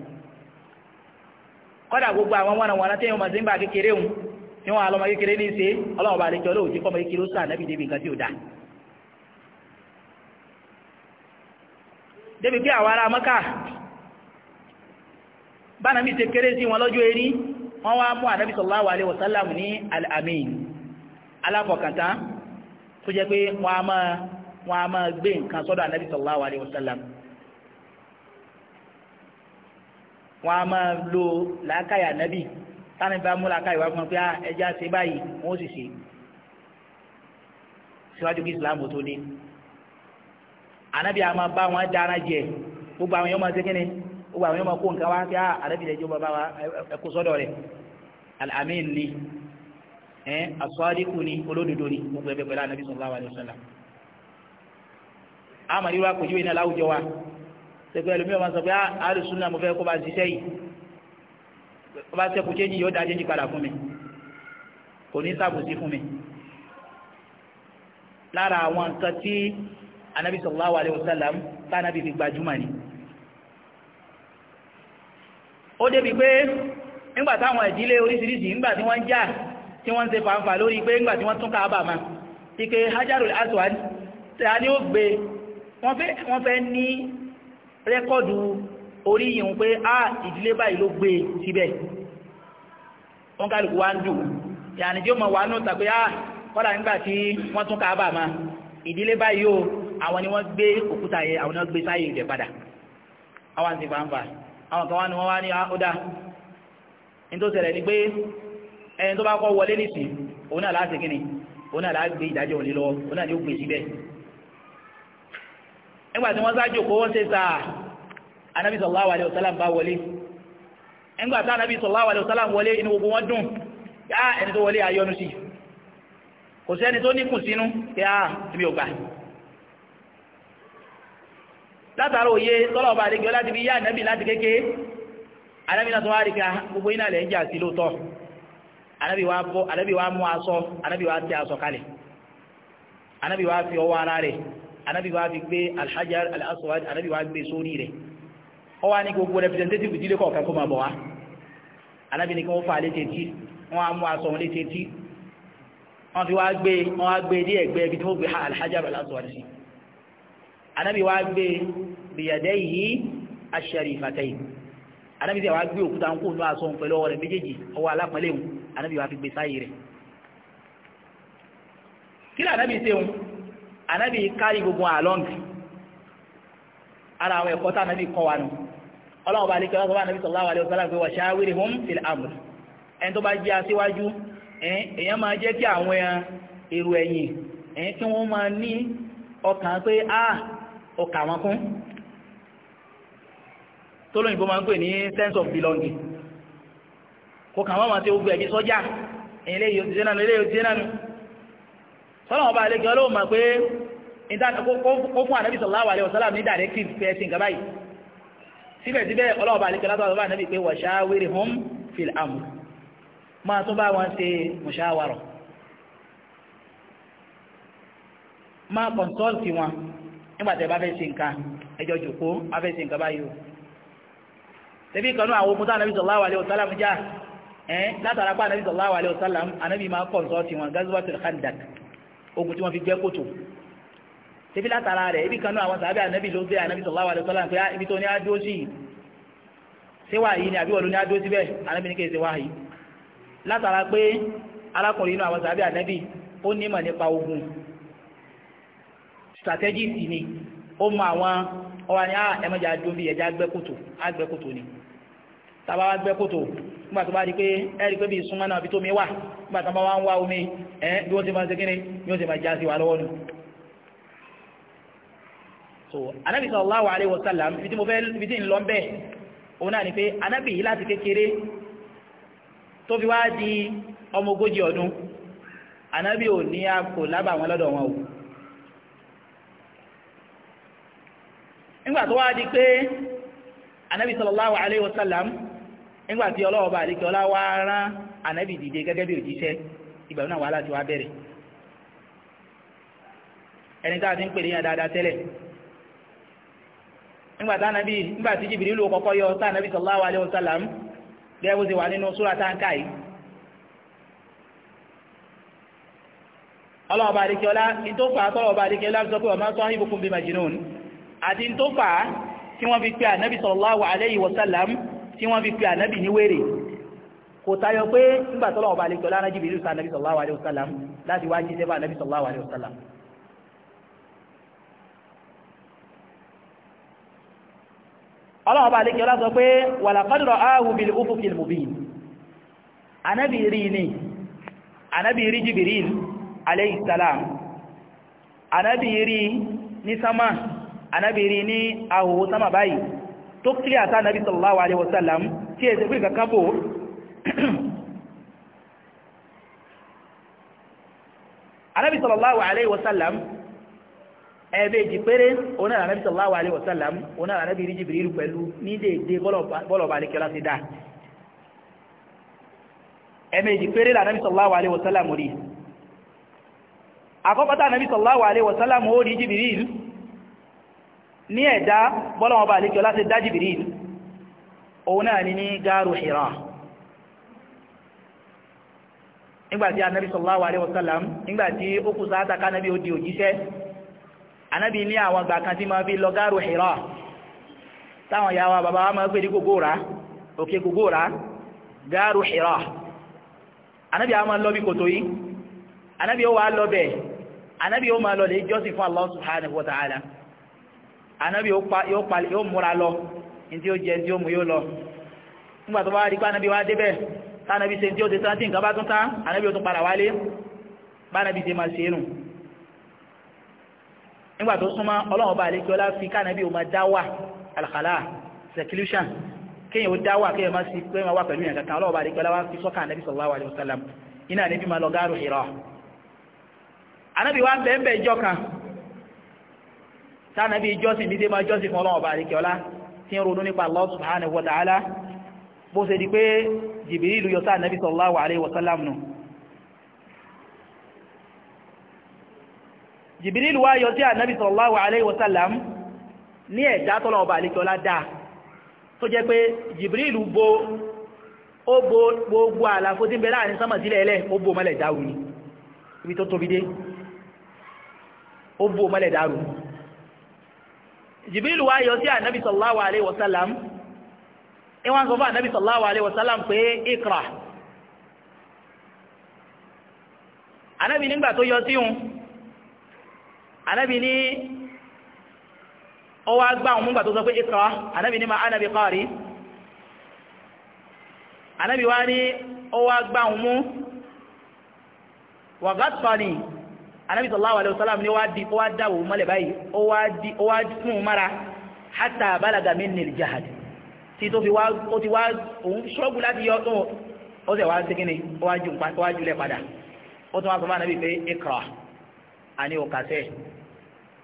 [SPEAKER 1] kọ́dà gbogbo àwọn wọn àwọn tẹ́yìn ọmọ ń bá kékeré tí wọ́n alọ́mọ kékeré ní ṣe ọlọ́wọ́ bá àlejò olóòtú kọ́mọ kékeré ó sàn nábì débi nǹkan tí ò dá. débi pé àwọn ará mọ́kà bánàbí ṣe kéré sí wọn lọ́jọ́ erí wọ́n wá mú ànábì sallallahu alaihi wasallam ní al-amin aláfọ̀kàntán tó jẹ́ pé wọ́n á máa wọ́n á máa gbé nǹkan sọ́dọ̀ ànábì sallallahu alaihi wasallam wọ́n á máa lo làákàyà ànábì táwọn ìbá múlá ká ìwà fún pé ah, ẹja ṣe báyìí wọn ó sì ṣe síwájú kí islam tó dé anabi àmọ́ bá wọn dára jẹ gbogbo àwọn yẹn máa ṣe kí ni gbogbo àwọn yẹn máa kó nǹkan wá kí anabi ah, lẹjọ bàbá wa ẹkú sọ́dọ̀ rẹ̀ alamin ni ẹ asọ́adíkù ni olódodo ni gbogbo ẹgbẹ́ pẹ̀lú anabi sallallahu alaihi wasallam amadiru akọjú yìí ní aláwùjọ wa ṣe pé ẹlòmíràn máa sọ pé àrùsùn ah, náà mo fẹ́ kó bá ṣiṣẹ́ yìí ọba sẹ́kù chéjì yóò dá chéjì padà fún mi kò ní sàbòsí fún mi lára àwọn nǹkan tí anabi sallallahu alayhi wa sallam tánàbí fi gbajúmọ̀ ni ó débi pé nígbà táwọn ìdílé oríṣiríṣi nígbà tí wọ́n ń jà tí wọ́n ń ṣe fàǹfà lórí pé nígbà tí wọ́n tún káàbà máa ike hajarul aswad tí a ní ó gbé wọ́n fẹ́ ní rẹ́kọ́dù orí yìí ń pé á ìdílé báyìí ló gbé e síbẹ̀ wọ́n kálukú wá ń dù yàní tí ó mọ̀ wá nù tàbí á ah, kọ́dà nígbà tí wọ́n tún ká bà ìdílé báyìí àwọn ni wọ́n gbé òkúta yẹ àwọn ni wọ́n gbé sáyé padà àwọn àti àwọn kan wá wọ́n wá ní ah, ní tó ni pé ẹni tó bá kọ́ wọlé òun náà láti kíni òun náà láti gbé ìdájọ́ òní lọ anábì sallallahu alaihi wasallam bá wọlé ẹgbà tá anábì sallallahu alaihi wasallam wọlé inú gbogbo wọn dùn yá ẹni tó wọlé ayọ́nu sí kò sẹ́ni tó níkùn sínú yá ibi ògbà látàrí òye tọ́lọ̀ ọba àdégbé láti fi yá anábì láti kéke anábì náà tó wá rí ká ah, gbogbo iná lẹ̀ ń jà sí lóòótọ́ anábì wa bọ́ anábì ó wá ní gbogbo representative ìdílé kọ̀ọ̀kan kó máa bọ̀ wá anábì ní kí wọ́n fa létí etí wọ́n á mú aṣọ wọn létí etí wọ́n fi wá gbé wọ́n á gbé dé ẹ̀gbẹ́ ibi tí wọ́n gbé alhajar al-aswad sí anábì wá gbé biyadayhi ash-sharifatayn anábì tí wá gbé òkúta ń kó nínú aṣọ òun pẹ̀lú ọwọ́ rẹ̀ méjèèjì ọwọ́ alápọ̀lẹ́ anábì wá fi gbé sáyé rẹ̀ kí ni anábì ṣe òun anábì kárí gbogbo àlọ́ǹgì ara àwọn ẹ̀kọ́ tá anábì kọ́ wa nù ọlọ́run bá alikẹ́ lọ́sọ́bà nàbí sallallahu alaihi wasallam pé wa shawirhum fil amr ẹni tó bá jẹ́ aṣíwájú èèyàn máa jẹ́ kí àwọn èrò ẹ̀yìn kí wọ́n máa ní ọkàn pé a ọkà wọn kún tó máa ń pè ní sense of belonging kò kàn wọ́n máa ti sọ́jà eléyìí ti eléyìí ti bá ọlọ́run máa pé kó fún síbẹ̀síbẹ̀ ọlọ́ọ̀bà àlekẹ́ látọ̀ àlọ́bà ànábì pé washawirhum fil amr máa tún bá wọn ṣe mùṣáwárọ̀ máa kọ̀ǹtọ́ọ̀tì wọn nígbà tẹ́ bá fẹ́ ṣe nǹkan ẹjọ́ jòkó bá fẹ́ ṣe nǹkan báyìí o tẹ́bí kanú àwọn ogun táwọn ànábì sallallahu alaihi wasallam já ẹ́ látara pé ànábì sallallahu alaihi wasallam ànábì máa kọ̀ǹtọ́ọ̀tì wọn gazuwatul khandak tẹ́bí látara rẹ̀ ibi kan náà àwọn sàábẹ́ ànábì ló dé ànábì wa alaihi wasallam pé ah, ibi tó ní adó sí ṣé wà yìí ni àbí wọ́n ní adó síbẹ̀ ànábì ní kí ṣe wà yìí látara pé arákùnrin inú àwọn sàábẹ́ ànábì ó nímọ̀ nípa ogun strategist ni ó mọ àwọn ọwọ́ ah, ni ẹ̀mọ́jà adó bí ẹja agbẹ́kòtò agbẹ́kòtò ni tàbá wá gbẹ́kòtò nígbà tó bá di pé ẹ̀rí pé bí ìsúnmọ́ náà bí tó mi wà nígbà tó bá wá ń wá omi ẹ̀ bí wọ́n ti máa ṣe kíni bí wọ́n ti máa já sí lọ́wọ́ nù so anábì sallallahu alaihi wasallam ibi tí mo fẹ́ ibi tí ń lọ bẹ́ẹ̀ òun náà ni pé anábì yìí láti kékeré tó fi wá di ọmọ ogójì ọdún anábì ò ní kò lábà wọn lọ́dọ̀ wọn o nígbà tó wá di pé anábì sallallahu alaihi wasallam nígbà tí ọlọ́wọ́ bá àdékẹ́ ọlá wá rán anábì dìde gẹ́gẹ́ bí òjíṣẹ́ ìgbà náà wàhálà ti wá bẹ̀rẹ̀ ẹni tá a ti ń pè ní yàn dáadáa tẹ́lẹ̀ nígbàtá nàbí nígbàtí jìbìrì ló kọ́kọ́ yọ tá nàbí sallallahu alaihi wasallam bẹ́ẹ̀ bó ti wà nínú súra táǹkà yìí. ọlọ́ọ̀bà àdìkẹ́ọ́lá ìtòfà tọ́lọ̀ọ̀bà àdìkẹ́ọ́lá sọ pé ọmọ sọ́hìn ibùkún bíi majinun àti ìtòfà tí wọ́n fi pe ànábì sallallahu alaihi wasallam tí wọ́n fi pe ànábì ní wèrè kò tayọ pé nígbà tọ́lọ̀ọ̀bà àdìkẹ́ọ́lá ọlọ́wọ́ bá lékẹ́ ọlá sọ pé wàlàkọ́dùrọ̀ áhùbìlì ufukil mubin anábìrí ni anábìrí jibiril aleyhisselam anábìrí ní sama anábìrí ní ahùhù sama báyìí tó kílẹ̀ àtà anábì sallallahu alaihi wasallam tí èsẹ̀ pé kankan bò anábì sallallahu alaihi wasallam ẹ̀ẹ̀mejì péré onáà ànábì sallallahu alaihi wasallam onáà ànábì rí Jibril pẹ̀lú ní déédéé bọ́lọ̀bà alẹ́kẹ́lá ti dá ẹ̀ẹ̀mejì péré lànábì sallallahu alaihi wasallam rí àkọ́kọ́tà ànábì sallallahu alaihi wasallam ó rí Jibril ní ẹ̀dá bọ́lọ̀bà alẹ́kẹ́lá ti dá Jibril onáà ní ní gáàrù Hira nígbàtí ànábì sallallahu alaihi wasallam nígbàtí ó kù sáátà kánábì anábì ní àwọn àgbà kan tí ma fi lọ gáàrù Hira táwọn ìyá wa bàbá wa máa pè ní gògóra òkè gògóra gáàrù Hira anábì àwọn máa lọ bí kòtò yìí anábì ó wà lọ bẹ̀ anábì ó máa lọ lè jọ́sìn fún Allah subhanahu wa ta'ala anábì ó múra lọ ní tí ó jẹ tí ó mú yóò lọ nígbà tó bá rí pé anábì wá débẹ̀ tánábì ṣe tí ó ti tán nǹkan bá tún tán anábì ó tún padà wálé bánábì ṣe máa ṣe é nù nígbà tó súnmọ́ ọlọ́run bá àlejò ọlá fi kánàbí o máa dáwà alàkàlà seclusion kéèyàn ó dáwà kéèyàn máa sí pé máa wà pẹ̀lú ìyàn kankan ọlọ́run bá àlejò ọlá wá fi sọ́kà ànábì sallallahu alaihi wasallam iná ànábì máa lọ gáàrù Hira ànábì wá ń bẹ̀ ń bẹ̀ ìjọ kan tánàbí ìjọsìn bí dé máa jọ́sìn fún ọlọ́run bá àlejò ọlá tí ń ronú nípa Allah subhanahu wa ta'ala bó ṣe di pé Jibrilu yọ sáà ànábì sallallahu alaihi wasallam Jibril wá yọ sí ànábì sallallahu alayhi ní ẹ̀dá ọba àlejọ́lá dáa tó jẹ́ pé Jibril bo ó bo gbogbo àlàfo tí ń bẹ láàrin sánmà sílẹ̀ ẹlẹ́ ó ni ibi tó tóbi dé ó bo mọ́lẹ̀ Jibril wá yọ sí ànábì wa sọ fún ànábì sallallahu alayhi ikra ànábì nígbà tó yọ anábì ní ó wá gbá àwọn múgbà tó sọ pé ìkọ́ anábì ní ma anábì kọ́rí anábì wá ní ó wá gbá àwọn mú wà gátfọ́nì anábì sallallahu alaihi wasallam ní ó wá dáwò mọ́lẹ̀ báyìí ó wá fún mara hatta balaga minni al-jahd tí tó fi wá ó ti wá òun ṣọ́gbù láti yọ ó sì wá sí kíni ó wá jùlẹ̀ padà ó tún wá sọ fún anábì pé ìkọ́ ani òkàsẹ́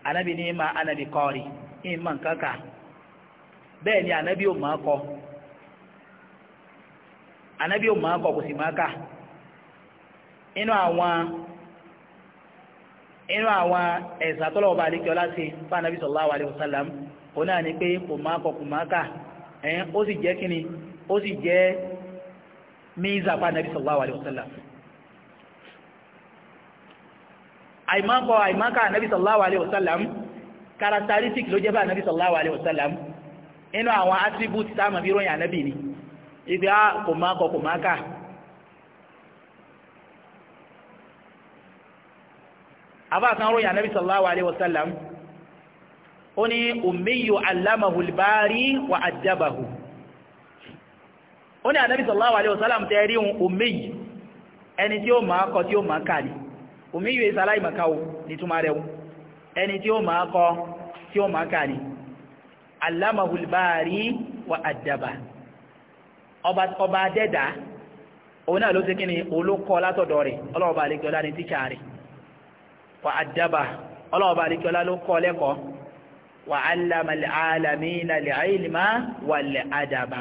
[SPEAKER 1] anábì ní ma anabi kọ́ọ̀rì ní ma nkankan bẹ́ẹ̀ ni anábì ò máa kọ anábì ò máa kọ kò sì ka kà inú àwọn inú àwọn ẹ̀sà tọ́lọ̀ ọba àdékẹ́ ọlá sí fún anábì sallallahu alaihi wasallam òun náà ni pé kò máa kọ kò máa ka ẹ̀ ó sì jẹ́ kíni ó sì jẹ́ míízà fún anábì sallallahu alaihi wasallam. àìmọ́kọ àìmọ́kà ànábì sallallahu alaihi wasallam characteristic ló jẹ́ bá ànábì sallallahu alaihi wasallam inú àwọn attributes tá a mọ̀ bí ròyìn ànábì ni ibi á kò má kọ kò má kà abákan ròyìn ànábì sallallahu alaihi wasallam ó ní ummiyu allamahu al-bari wa addabahu ó ní ànábì sallallahu alaihi wasallam tẹ́rí ummiyu ẹni tí ó máa kọ tí ó máa kà ni òmí yìí ìsàlá ìmọ̀ká o nítúmọ̀ rẹ̀ o ẹni tí ó máa kọ tí ó máa kà ní alámahul báàrí wa àdàbà ọba adẹ́dà òun náà ló ṣe kí ni olókọ látọ̀dọ̀ rẹ̀ ọlọ́ọ̀bà àlejòlá ní tíṣà rẹ̀ wa àdàbà ọlọ́ọ̀bà àlejòlá ló kọ́ lẹ́kọ̀ọ́ wa alamal alamina lẹ́àìlìmá wà lẹ́àdàbà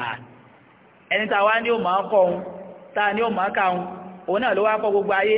[SPEAKER 1] ẹni tàwa ni ó máa kọ́ òun táà ni ó máa kà òun òun náà ló wá kọ́ gbogbo ayé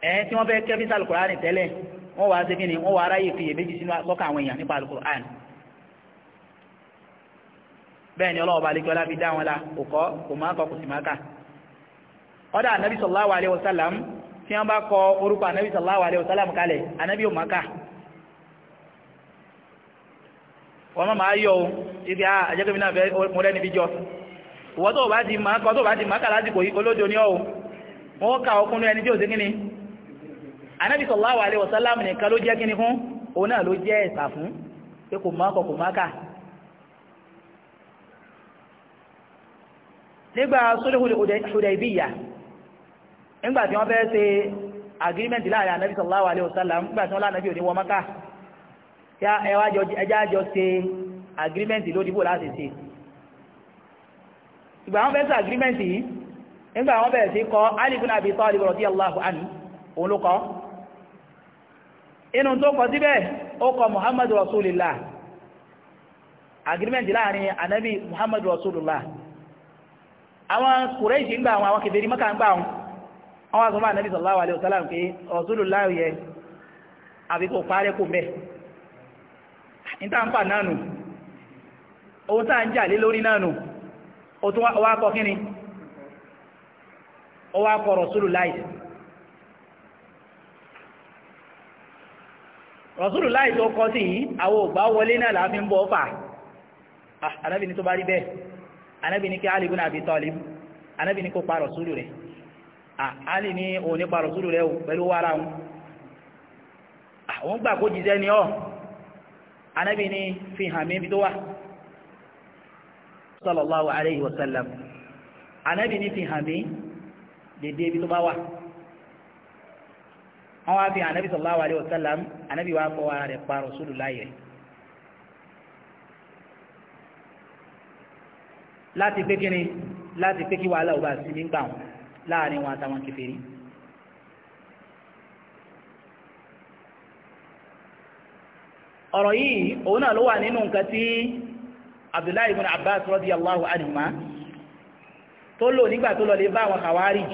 [SPEAKER 1] ẹ̀ eh, tí wọ́n fẹ́ kẹ́ fíṣà alukur'ani tẹ́lẹ̀ wọ́n wá sí kíni wọ́n wá aráyè fiyè méjì sínú lọ́kàn àwọn èèyàn nípa alukur'ani bẹ́ẹ̀ ni ọlọ́wọ́ balẹ̀ jọlá fi dá wọn la kò kò má kọ́ kò sì má kà ọ̀dà anabi sallallahu alayhi wa sallam tí wọ́n bá kọ orúkọ anabi sallallahu alayhi wa sallam kalẹ̀ anabi ò má kà wọ́n má máa yọ o ibi a àjẹkẹ́mi náà fẹ́ mo rẹ́ níbi jọ ìwọ́n tó o bá ti má kọ́ tó bá ti má kà lásìkò yìí olódo ni anábì sallallahu alaihi wasallam nìkan ló jẹ́ kíni fún òun náà ló jẹ́ ẹ̀sà fún pé kò má kọ kò má nígbà sulhul agreement láàrin anábì sallallahu alaihi wasallam nígbà tí wọ́n lánàbí òní wọ́n mọ́ká ẹjá agreement lódìbò láti ṣe ìgbà wọn fẹ́ agreement yìí nígbà wọn bẹ̀rẹ̀ sí Ali ibn Abi Talib radiyallahu anhu inu tó kọ síbẹ̀ ó kọ muhammadu rasulillah agreement láàrin anabi muhammadu rasulillah àwọn kùrẹ́ìsì ń gbà àwọn àwọn kèfèrí mọ́kà ń gbà wọn wọ́n wá sọ máa nabi sallallahu alaihi wasallam pé rasulillah yẹ àbí kò parẹ́ kò mẹ́ níta ń fà náà nù ohun tá ń jà lé lórí náà ó tún wá kọ kíni ó wá kọ rasulillah rọ̀súlù láì tó kọ́ sí yìí àwọn ògbà wọlé náà láàfi ń bọ́ fà anábì ah, ní tó bá rí bẹ́ẹ̀ anábì ní kí Ali ibn Abi Talib anábì ní kó pa rọ̀súlù rẹ̀ ah, Ali ní òun ní pa rọ̀súlù rẹ̀ pẹ̀lú wàrà wọn àwọn ah, gbà kó jíṣẹ́ ni ọ́ anábì fi hàn mí ibi tó wà sallallahu alayhi wa sallam fi hàn mí dédé ibi tó bá wà wọ́n wá fi ànábì sallallahu alaihi wasallam ànábì wa kọ́ wa rẹ̀ pa Rasulullah yẹ. láti pé kíni láti pé kí wàhálà ò bá sí nígbà wọn láàrin wọn àtàwọn kèfèrí. ọ̀rọ̀ yìí òun náà ló wà nínú nǹkan tí Abdullahi ibn Abbas radiyallahu anhuma tó lò nígbà tó lọ lè bá àwọn Khawarij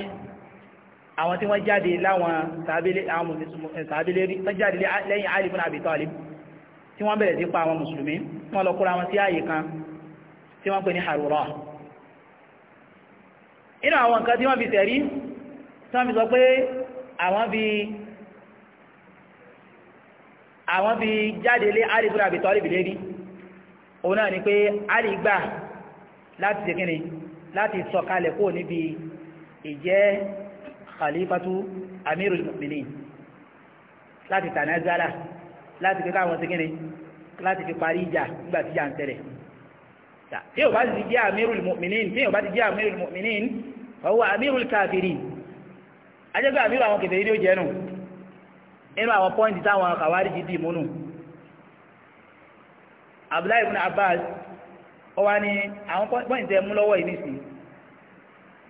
[SPEAKER 1] àwọn tí wọ́n jáde láwọn sàábílé eh, rí wọ́n jáde lẹ́yìn Ali ibn Abi Talib tí wọ́n bẹ̀rẹ̀ sí pa àwọn mùsùlùmí wọ́n lọ kóra wọn sí ààyè kan tí wọ́n pè ní Harura inú àwọn nǹkan tí wọ́n fi tẹ̀rí tí wọ́n fi sọ pé àwọn fi jáde lé Ali ibn Abi Talib òun náà ni pé Ali gbà láti ṣe kíni láti sọ̀kalẹ̀ kó níbi ìjẹ́ khalifatu amirul mu'minin láti tànázálà láti fi káwọn sí kíni láti fi parí ìjà nígbà tí ìjà ń tẹ̀lẹ̀ tí o bá ti jẹ́ amirul mu'minin tí o bá ti jẹ́ amirul mu'minin ọwọ́ amirul kafirin ajẹ́gbẹ́ amiru àwọn kẹfẹ́ ilé jẹ́nu inú àwọn pọ́ǹtì táwọn kàwárí ti dì múnú abdullahi ibn abbas ó wá àwọn pọ́ǹtì tẹ́ mú lọ́wọ́ ìmísìn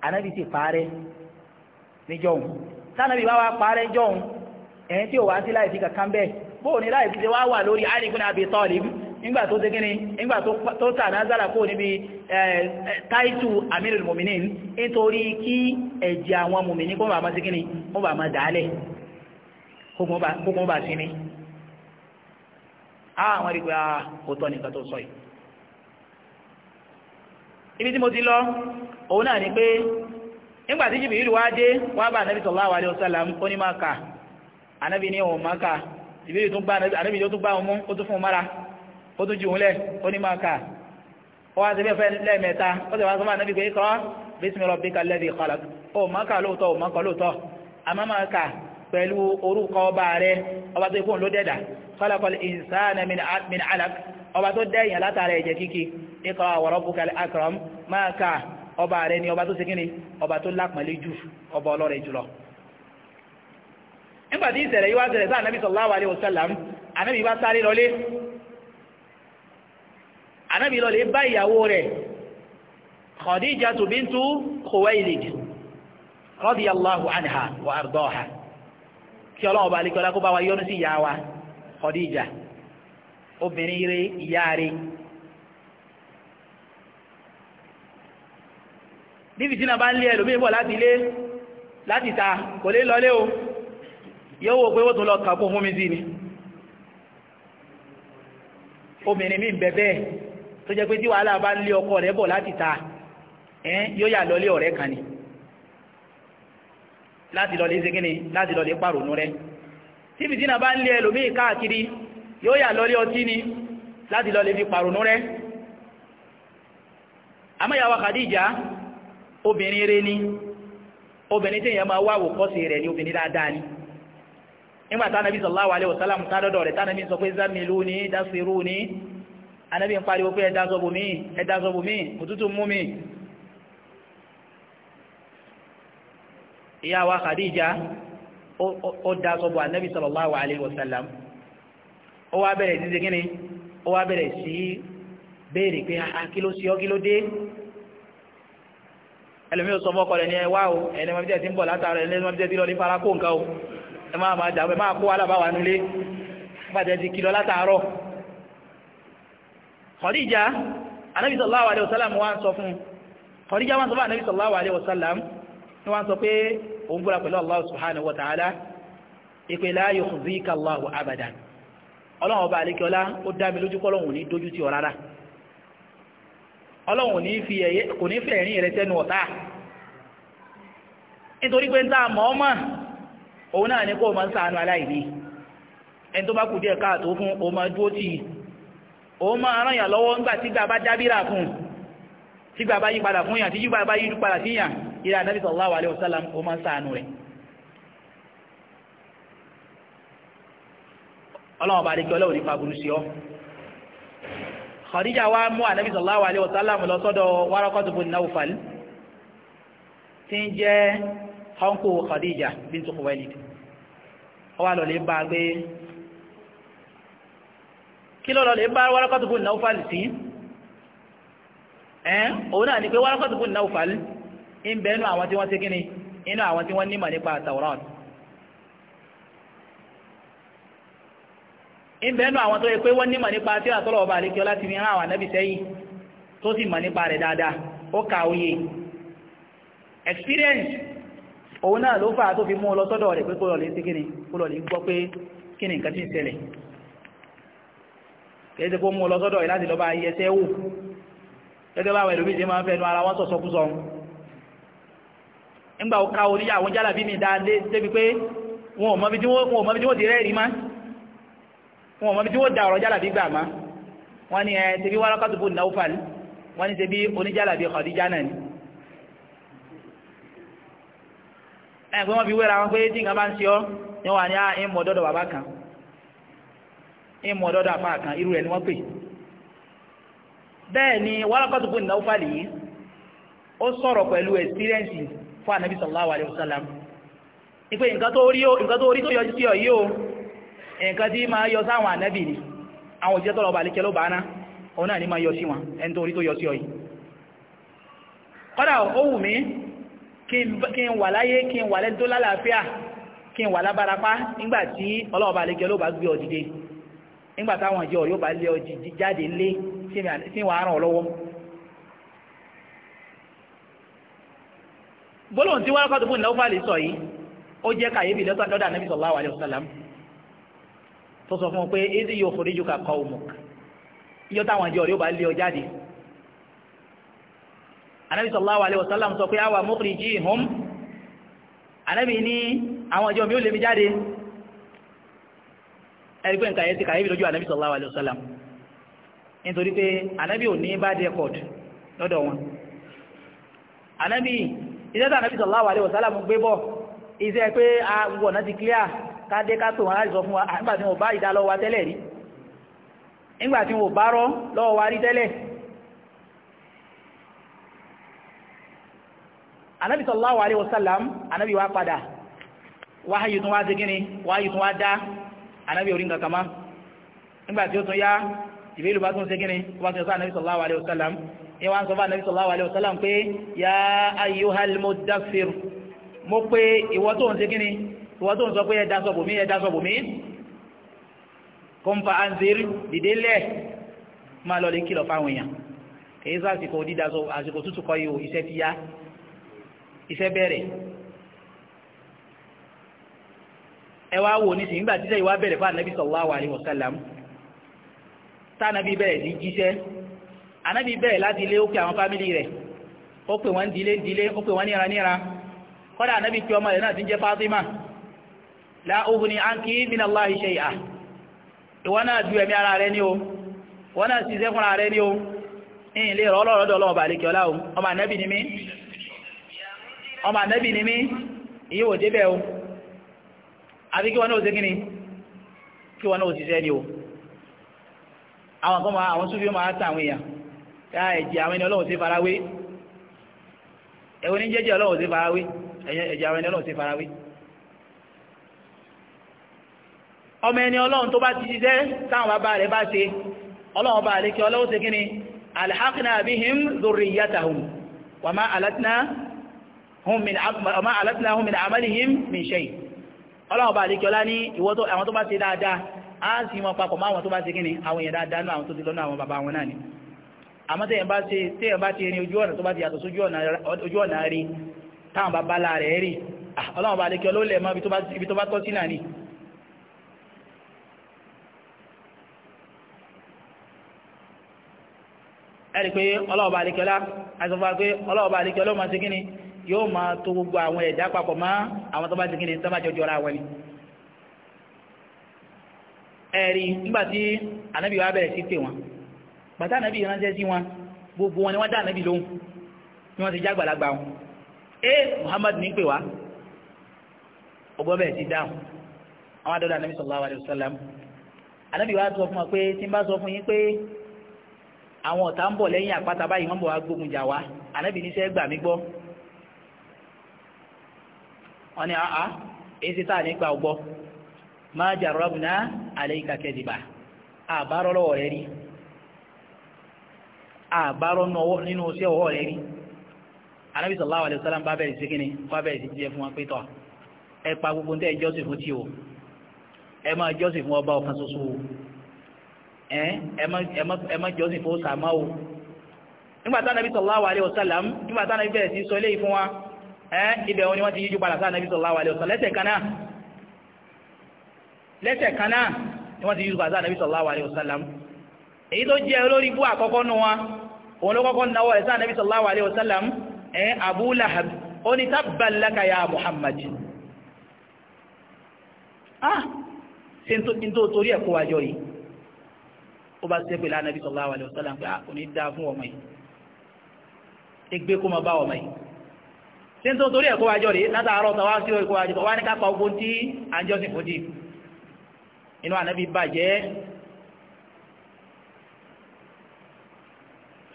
[SPEAKER 1] anabi ti ndị níjọ́ òun tánàbí bá wá parẹ́ jọ́ òun ẹ̀yìn tí ó wá sí láìsí kankan bẹ́ẹ̀ bóò ní láìsí tí wá wà lórí àríkún àbí tọ́ọ̀lì nígbà tó dégíní nígbà tó tà kó níbi táìtù amirul muminin nítorí kí ẹ̀jẹ̀ àwọn mumini kó bàmá sí kíní kó bàmá dálẹ̀ kókún bá sí ní àwọn àríkún ah, àkótọ́ nìkan tó sọ yìí ibi tí mo ti lọ òun náà ni pé nígbà tí jìbìrì wá dé wá bá ànábì sallallahu alaihi wasallam ó ní máa kà ànábì ní òun máa kà jìbìrì tún bá ànábì tó tún bá òun mú ó tún fún un mára ó tún ó ní máa kà ó wá sí bẹ́ẹ̀ fẹ́ ó sì wá pé kọ́ ó máa kà lóòótọ́ ó máa kà lóòótọ́ àmọ́ máa kà pẹ̀lú orúkọ ọba rẹ̀ ọba tó ikú ló dẹ̀dà khalaqal insana min alaq ọba tó dẹ̀yìn látara ẹ̀jẹ̀ kíkí iqra wa rabbukal akram máa ka ọba rẹ̀ ni ọba tó sikini ọba tó lápẹ̀lẹ̀ jù ọba ọlọ́rẹ̀ jùlọ nígbàtí ìṣẹ̀lẹ̀ yíwá ṣẹlẹ̀ sáà nàbí sallallahu alaihi wasallam anábì bá sáré lọlé anábì kí ọlọ́run bá lè kí ọlá kó bá wa yọ́nú sí ìyá wa Khadija obìnrin rẹ ìyá rẹ. bí fìtínà bá ń lé ẹlòmíì bọ̀ láti ilé láti ta kò lè lọlé o yóò wò pé ó tún lọ kàkó fún mi sí ni obìnrin mi ń bẹ bẹ́ẹ̀ tó jẹ́ pé tí wàhálà bá ń lé ọkọ rẹ̀ bọ̀ láti ta yóò yà lọlé ọ̀rẹ́ kan ni láti lọ lè ṣe kíni láti lọ lè pàrònú rẹ tí fìtínà bá ń lé ẹlòmíì káàkiri yóò yà lọ lé ọtí ni láti lọ lè fi pàrònú rẹ amáyàwó Khadija obìnrin rẹ ni obìnrin tí èèyàn máa wá àwòkọ́ṣe rẹ̀ ni obìnrin dáadáa ni nígbà tí anabi sallallahu alayhi wa sallam tá dọ́dọ̀ rẹ̀ tánàbí sọ pé zamilu ni dasiru ni anabi ń pariwo pé ẹ̀dá sọ́bù mi ẹ̀dá sọ́bù mi òtútù mú mi ìyá wa Khadija ó da sọ bọ̀ anabi sallallahu alayhi wa sallam ó wá bẹ̀rẹ̀ sí segin ó wá bẹ̀rẹ̀ sí béèrè pé a ah, ah, kí ló sí ọ kí ló dé ẹlòmíì sọ fọkọ rẹ ní ẹ wá o ẹni mọ bí tẹ ti ń bọ̀ látara ẹni mọ bí tẹ ti lọ ní fara kó nǹkan o ẹ máa máa dàbẹ máa kó wàhálà bá wà nulẹ bàtẹ ti kí lọ látàárọ̀ Khadija anabi sallallahu alayhi wa sallam wá sọ fún Khadija wá sọ fún anabi sallallahu alayhi wa sallam tó wá sọ pé òun búra pẹ̀lú allah subhanahu wa ta'ala ìpè la yukhzika allahu abadan ọlọ́run ọba àlekíọ́lá ó dá mi lójú kọ́ lọ́hùn ní dójú tì ọ́ rárá ọlọ́run ní kò ní fẹ́ ẹ̀rín rẹ sẹ́nu ọ̀tá nítorí pé ń tá àmọ́ ọmọ òun náà ní kó o máa ń sàánú aláìní ẹni tó bá kù díẹ̀ káàtó fún o máa dúró tì í o máa ràn yàn lọ́wọ́ nígbà tí gbà bá dábìrà fún tí gbà bá yí padà fún yàn tí yí bá yí padà sí yàn ìrẹ ànábì sallallahu alaihi wasallam ó máa ń ṣàánú rẹ̀ ọlọ́wọ́n bá dékẹ́ ọlọ́wọ́ nípa burú sí ọ Khadija wa mú ànábì sallallahu alaihi wasallam lọ sọ́dọ̀ Warakatu bun Nawfal tí ń jẹ́ ọ̀nkò Khadija bintu Khuwailid ọwọ́ àlọ́lẹ̀ bá gbé kí òun náà ni pé Warakatu bun Nawfal ń bẹ inú àwọn tí wọ́n ṣe kíni inú àwọn tí wọ́n nímọ̀ nípa Taurat ń bẹ inú àwọn tó yẹ pé wọ́n nímọ̀ nípa tí àtọ́lọ̀ ọba àlékí ọlá ti fi hàn àwọn ànábì sẹ́yìn tó sì mọ̀ nípa rẹ̀ dáadáa ó kà òye experience òun náà ló fà tó fi mú lọ sọ́dọ̀ rẹ̀ pé kó lọ lè ṣe kíni kó lọ lè gbọ́ pé kíni nǹkan tí ń ṣẹlẹ̀ kẹ́sẹ̀ kó mú lọ sọ́dọ̀ rẹ̀ láti lọ bá yẹsẹ́ wò gẹ́gẹ́ báwọn ẹlòmíì ṣe máa ń fẹnu ara wọn sọ̀sọ́kúsọ ńgbà ó ká orí àwọn jálàbí mi dáadé débi pé wọn ò mọbi tí wọ́n ti rẹ́ẹ̀rí má wọn ò mọbi tí wọ́n da ọ̀rọ̀ jálàbí gbà má wọ́n ní ẹ tẹbi wàrà kátó fún náufal wọ́n ní tẹbi oníjálàbí Khadija náà ni. ẹ pé wọ́n fi wéra wọn pé tí nǹkan bá ń ṣe ọ́ ni wọ́n wà ní à ń mọ̀ dọ́dọ̀ bàbá kan ń mọ̀ dọ́dọ̀ àpá kan irú rẹ̀ ni wọ́n pè bẹ́ẹ̀ ni wàrà kátó fún náufal yìí ó sọ̀rọ̀ pẹ̀lú experience fún ànábì sallallahu alaihi wasallam ipe nǹkan tó rí tó yọjú sí ọ yìí o nǹkan tí máa yọ sáwọn ànábì ni àwọn òṣìṣẹ́ tọ́lọ̀ ọba àlékẹ́ ló bá ná òun náà ní máa yọ sí wọn ẹni tó rí tó yọ sí ọ yìí kọ́dà ó wù mí kí n wà láyé kí n wà lẹ́ni tó lálàáfíà kí n wà lábarapá nígbà tí ọlọ́ọ̀ba àlékẹ́ ló bá gbé ọ dìde nígbà táwọn ìjọ yóò bá lé gbólóhùn tí Waraqatu bun Nawfal sọ yìí ó jẹ́ kàyébi lọ́dọ̀ Ànábì sallallahu alayhi wa sallam tó sọ fún un pé idh yukhrijuka qawmuk iyọ́ táwọn ìjọ rẹ̀ ó bá lé ọ jáde Ànábì sallallahu alayhi wa sọ pé àwa mukhrijihum Ànábì ní àwọn ìjọ mi ó lé mi jáde ẹ̀rí pé nǹkan yẹn ti kàyébi lójú Ànábì sallallahu alayhi wa nítorí pé Ànábì ò ní bad record lọ́dọ̀ wọn Ànábì iṣẹ́ tí ànábì sallallahu alaihi wasallam gbé bọ̀ iṣẹ́ pé àwọn ọ̀nà ti clear kádé ká wọn láti sọ fún wa nígbà tí bá ìdá wa tẹ́lẹ̀ rí nígbà tí bá rọ́ lọ́wọ́ wa rí tẹ́lẹ̀ ànábì sallallahu alaihi wasallam ànábì wa padà wáyé tún wá ní wọ́n sọ fún anabi sallallahu alayhi wa sallam pé ya ayyuhal mudaffir mo pé ìwọ tó ń ṣe kíni ìwọ tó ń sọ pé ẹ daṣọ bòmí ẹ daṣọ bòmí kọ́ńfà anzir dìde lẹ̀ máa lọ lè kìlọ̀ fáwọn èèyàn kìí sọ àsìkò dídaṣọ àsìkò tútù kọ́ yìí o iṣẹ́ ti yá iṣẹ́ bẹ̀rẹ̀ ẹ wá wò ní sìn nígbà tíṣẹ́ ìwà bẹ̀rẹ̀ fún anabi sallallahu alayhi wa Tá tánàbí bẹ̀rẹ̀ sí anabi bẹ́ẹ̀ láti ilé ó pè àwọn fámìlì rẹ̀ ó pè wọ́n dílé dílé ó pè wọ́n níra níra kọ́dà anabi pé ọmọ rẹ̀ náà ti ń jẹ́ Fatima la ughni anki min Allahi shay'a ìwọ náà ju ara rẹ̀ ní o ìwọ náà sì sẹ́kùnra rẹ̀ ní o ní ilé rọ̀ ọlá o ọmọ anabi ni mí ọmọ o àbí kí wọn náà ṣe kí ni kí náà ṣiṣẹ́ ni o àwọn kan máa àwọn súnfì máa ta àwọn ká ẹ̀jẹ̀ àwọn ẹni ọlọ́run ṣe farawé ẹ̀wọ̀n ní jẹ́jẹ́ ọlọ́run ṣe farawé ẹ̀jẹ̀ àwọn ẹni ọlọ́run ṣe farawé. ọmọ ẹni ọlọ́run tó bá ti ṣiṣẹ́ táwọn bàbá rẹ̀ bá ṣe ọlọ́run bá lè kí ọlọ́run ṣe kí ni alhaqna bihim dhurriyyatahum wa ma alatna hum min ama alatna hum ọlọ́run bá lè kí ọlá ní àwọn tó bá ṣe dáadáa á sì mọ papọ̀ mọ́ àwọn tó bá ṣe kí ni àwọn èèyàn dáadáa náà àwọn tó ti lọ́nà àwọn bàbá wọn náà ni àmọ́ tẹ́yìn bá ṣe tẹ́yìn bá ti rin ojú ọ̀nà tó bá ti yàtọ̀ sójú ọ̀nà rí táwọn bá bala rẹ̀ rí ọlọ́run bá lékẹ́ mọ́ ibi tó bá tọ́ ni pé ọlọ́run bá ọlá pé ọlọ́run bá ọlọ́run máa ṣe gbogbo àwọn bàtà ànábì ránṣẹ́ sí wọn gbogbo wọn ni wọ́n dá ànábì lóhùn ni wọ́n ti já gbàlagbà wọn ee Muhammad ní pè wá ọgbọ́n bẹ́ẹ̀ ti dáhùn àwọn adọ́dọ̀ ànábì sallallahu alaihi wasallam ànábì wa sọ fún wa pé tí n bá sọ fún yín pé àwọn ọ̀tá ń bọ̀ lẹ́yìn àpáta báyìí wọ́n bọ̀ wá gbógun jà wá ànábì níṣẹ́ gbà mí gbọ́ wọ́n ní àá èsì tá à ní ọgbọ́ máa jà rọ́bùnà àlẹ́ ìkàkẹ́ dìbà àbárọ́lọ́wọ̀ rẹ̀ rí àbárọ́ nínú iṣẹ́ ọwọ́ rẹ̀ rí anábì sallallahu alaihi wasallam bá bẹ̀rẹ̀ sí kíni bá bẹ̀rẹ̀ sí jíjẹ fún wọn pé tọ́ ẹ pa gbogbo tẹ́ ẹ jọ́sìn fún tí o ẹ máa jọ́sìn fún ọba ọ̀kan ṣoṣo o ẹ má jọ́sìn fún sàmá o nígbà tá anábì sallallahu alaihi wasallam nígbà tá anábì bẹ̀rẹ̀ sí sọ eléyìí fún wa ibẹ̀ wọn ni wọ́n ti yíjú padà sí anábì sallallahu alaihi wasallam lẹ́sẹ̀ kan náà lẹ́sẹ̀ kan náà ni wọ́n ti yíjú padà sí anábì sallallahu alaihi wasallam èyí tó jẹ́ olórí ibú àkọ́kọ́ nù wọn òun ló kọ́kọ́ náwọ́ ẹ̀sán Ànábì sallallahu alaihi wasallam ẹ̀ Abu Lahab ó ní tabban laka ya Muhammad ah ṣe ń tó torí ẹ̀kọ́ wájọ́ yìí ó bá ṣe pẹ̀lú Ànábì sallallahu alaihi wasallam pé ah, kò ní dáa fún ọmọ yìí ẹgbẹ́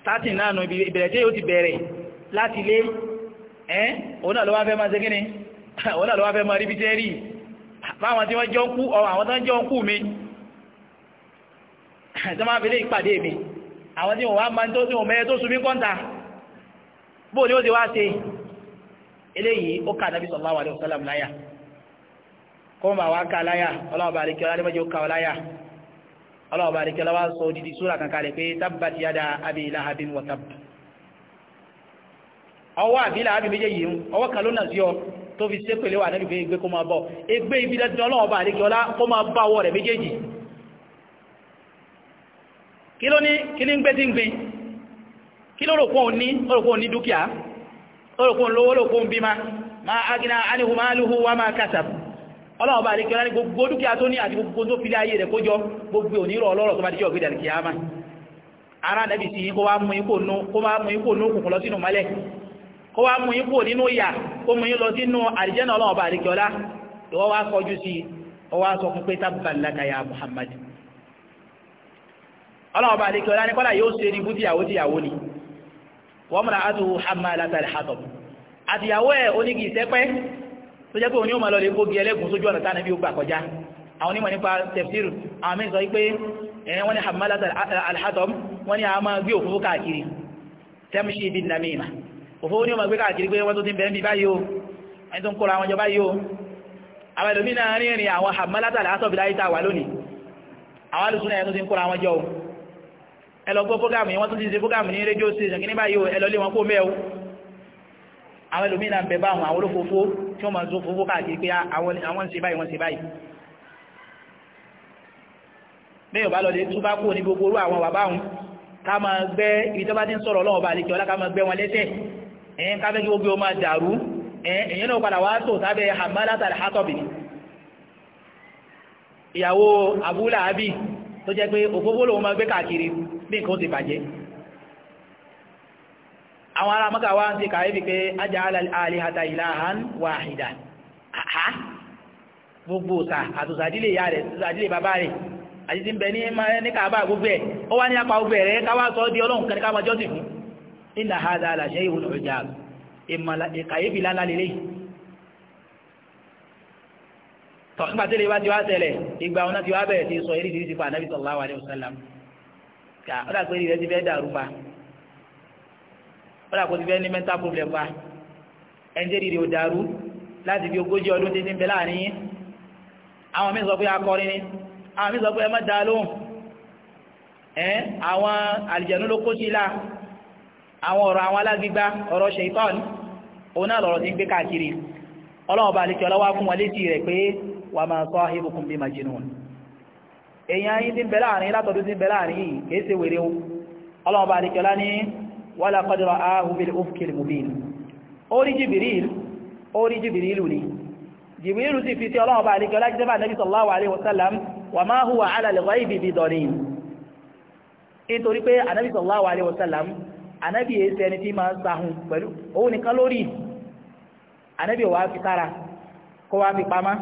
[SPEAKER 1] tààtì náà nù ìbẹ̀rẹ̀ tí yóò ti bẹ̀rẹ̀ láti lé ẹ́n òun náà ló wá fẹ́ máa ṣe kíni òun náà ló wá fẹ́ máa rí bí tẹ́rì fáwọn tí wọ́n jọ ń kú ọ àwọn tó ń jọ ń kú mi tó máa fi lé ìpàdé mi àwọn tí wọ́n wá máa tó tí wọ́n mẹ́rẹ́ tó sunmí kọ́ńtà bó ni ó ti wá ṣe eléyìí ó kà nàbí sallallahu alaihi wasallam láyà kó máa wá ká láyà ọlọ́run bá rí kí ọlá Allah bá rikẹ́ lọ́wọ́ sọ odidi súra kan kalẹ̀ pé tabbat yada abi lahabin wa tabb ọwọ́ àbí lahabin méjèèjì ń ọwọ́ kan ló nà sí ọ tó fi sépèlé wà nẹ́bí gbé kó máa bọ̀ egbé ibi dandan ọlọ́wọ́ bá rikẹ́ ọlá kó máa bá ọwọ́ rẹ̀ méjèèjì kí ló ní kí ní ń gbé tí ń gbin kí ló rò pọ̀ ọlọ́ọ̀bá àríkẹ́lá ní gbogbo dúkìá tó ní àti gbogbo tó fi láyé rẹ̀ kójọ gbogbo onírọ̀ ọlọ́rọ̀ tó bá díjọ́ ògbé dàríkì àmà ara nẹ́bì sí kó wá mú ikú nú kùnkùn lọ sínú mọ́lẹ̀ kó wá mú ikú nínú ìyà kó mú yín lọ sínú àlìjẹ́nà ọlọ́ọ̀bá àríkẹ́lá ìwọ́ wá kọjú sí ọwá sọ fún pé tábàlákà ya Muhammad ọlọ́ọ̀bá àríkẹ́lá ní kọ́lá yóò ṣe ní bú tíyàwó tíyàwó ni wọ́n mọ̀ra àtúwò hamalatal hatab àtìyàwó ẹ̀ onígi ìsẹ́pẹ́ tó jẹ́ pé òun ni ó máa lọ lè kógi ẹlẹ́gùn sójú ọ̀nà tánàbí ó gbà kọjá àwọn onímọ̀ nípa tafsir àwọn mẹ́sàn wípé ẹ̀yẹn wọ́n ni hamalat alhatom wọ́n ni a máa gbé òfófó káàkiri tẹ́mṣì bí nàmìmà òfófó ni ó máa gbé káàkiri pé wọ́n tó ti bẹ̀ẹ́ bí báyìí o ẹni tó ń kóra wọn jọ báyìí o àwọn ẹlòmínà rìnrìn àwọn hamalat kó àwọn ẹlòmí náà bẹ báwọn àwọn olófófó tí wọ́n máa zófófó káàkiri pé àwọn ń ṣe báyìí wọ́n ṣe báyìí bẹ́ẹ̀ bá lọ́dẹ tó bá kó ní gbogbo orú àwọn bàbá wọn ká ma gbẹ́ ibi tó bá ti ń sọ̀rọ̀ lọ́wọ́ bá lè kí ọlá ká máa abi tó jẹ́ pé òfófó lòun máa gbé àwọn ará mọ́kà wá ń ti kàwé bí pé ajá alìhàtà ìlàhàn wàhìdà àhá gbogbo òsà àtòsàdílé ìyá rẹ̀ àtòsàdílé bàbá rẹ̀ àti ti ń bẹ ní kàbá gbogbo ẹ̀ ó wá ní apá gbogbo rẹ̀ káwá sọ di ọlọ́run kan káwá jọ́sìn fún iná hada aláṣẹ ìwò ní ọjà kàyéfì lálá lélẹ̀ tọ́ nígbà tí ti wá ṣẹlẹ̀ ìgbà ọ̀nà ti wá bẹ̀rẹ̀ ti sọ eré ìdírísí fún anábì sallallahu alaihi ká ọ̀dà pé ìrẹsì fẹ́ dàrú pa ó dà kó ti fẹ́ ní mental problem wa ẹnjẹ́rì rẹ̀ ò dàrú láti fi ogójì ọdún títí ń bẹ láàrin yín àwọn míì sọ pé akọrin ni àwọn míì sọ pé ẹ má dá lóhùn ẹ àwọn àlìjẹ̀nú ló kó sí la àwọn ọ̀rọ̀ àwọn alágbígbá ọ̀rọ̀ ṣèitọ́ọ̀nì òun náà lọ̀rọ̀ ti ń gbé káàkiri ọlọ́ọ̀bá alìkẹ́ ọlọ́wà fún wọn létí rẹ̀ pé wà máa sọ ahìbùkún bí majinun èyàn yìí ti ń bẹ láàrin látọ̀dún ti ń bẹ láàrin yìí kìí ṣe wèrè ohun ọlọ́ọ̀bá alìkẹ́ ọlá ní wala qad ra'ahu bil ufqil mubin orí jibril orí jibril ni jibril sì fi tí ọlọ́ọ̀bá àríkẹ́ láti tẹ́bà nabi sallallahu alaihi wasallam wa ma huwa ala al-ghaibi bidarin nítorí pé anabi sallallahu alaihi wasallam anabi èsì ẹni tí máa ń sahun pẹ̀lú òun nìkan lórí anabi wa fi sára kó wa fi pamá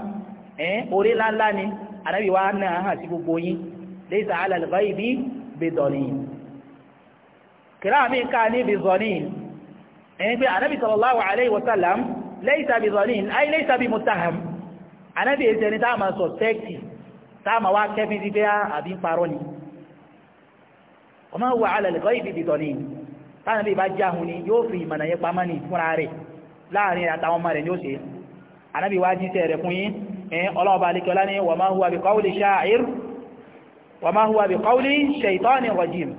[SPEAKER 1] ẹ̀ orí ńláńlá ni anabi wa náà hàn sí gbogbo yín laysa ala al-ghaibi bidarin kìrá mi ká ní bizonin ẹni pé anábì sallallahu alaihi wasallam laysa bizonin ay laysa bi mutaham anábì èsì ẹni táàmà sọ̀tẹ́kì táàmà wá kẹfí sí bẹ́ẹ̀ ah, àbí ń parọ́ ni wa ma huwa ala al bí bá wa bi qawli sha'ir rajim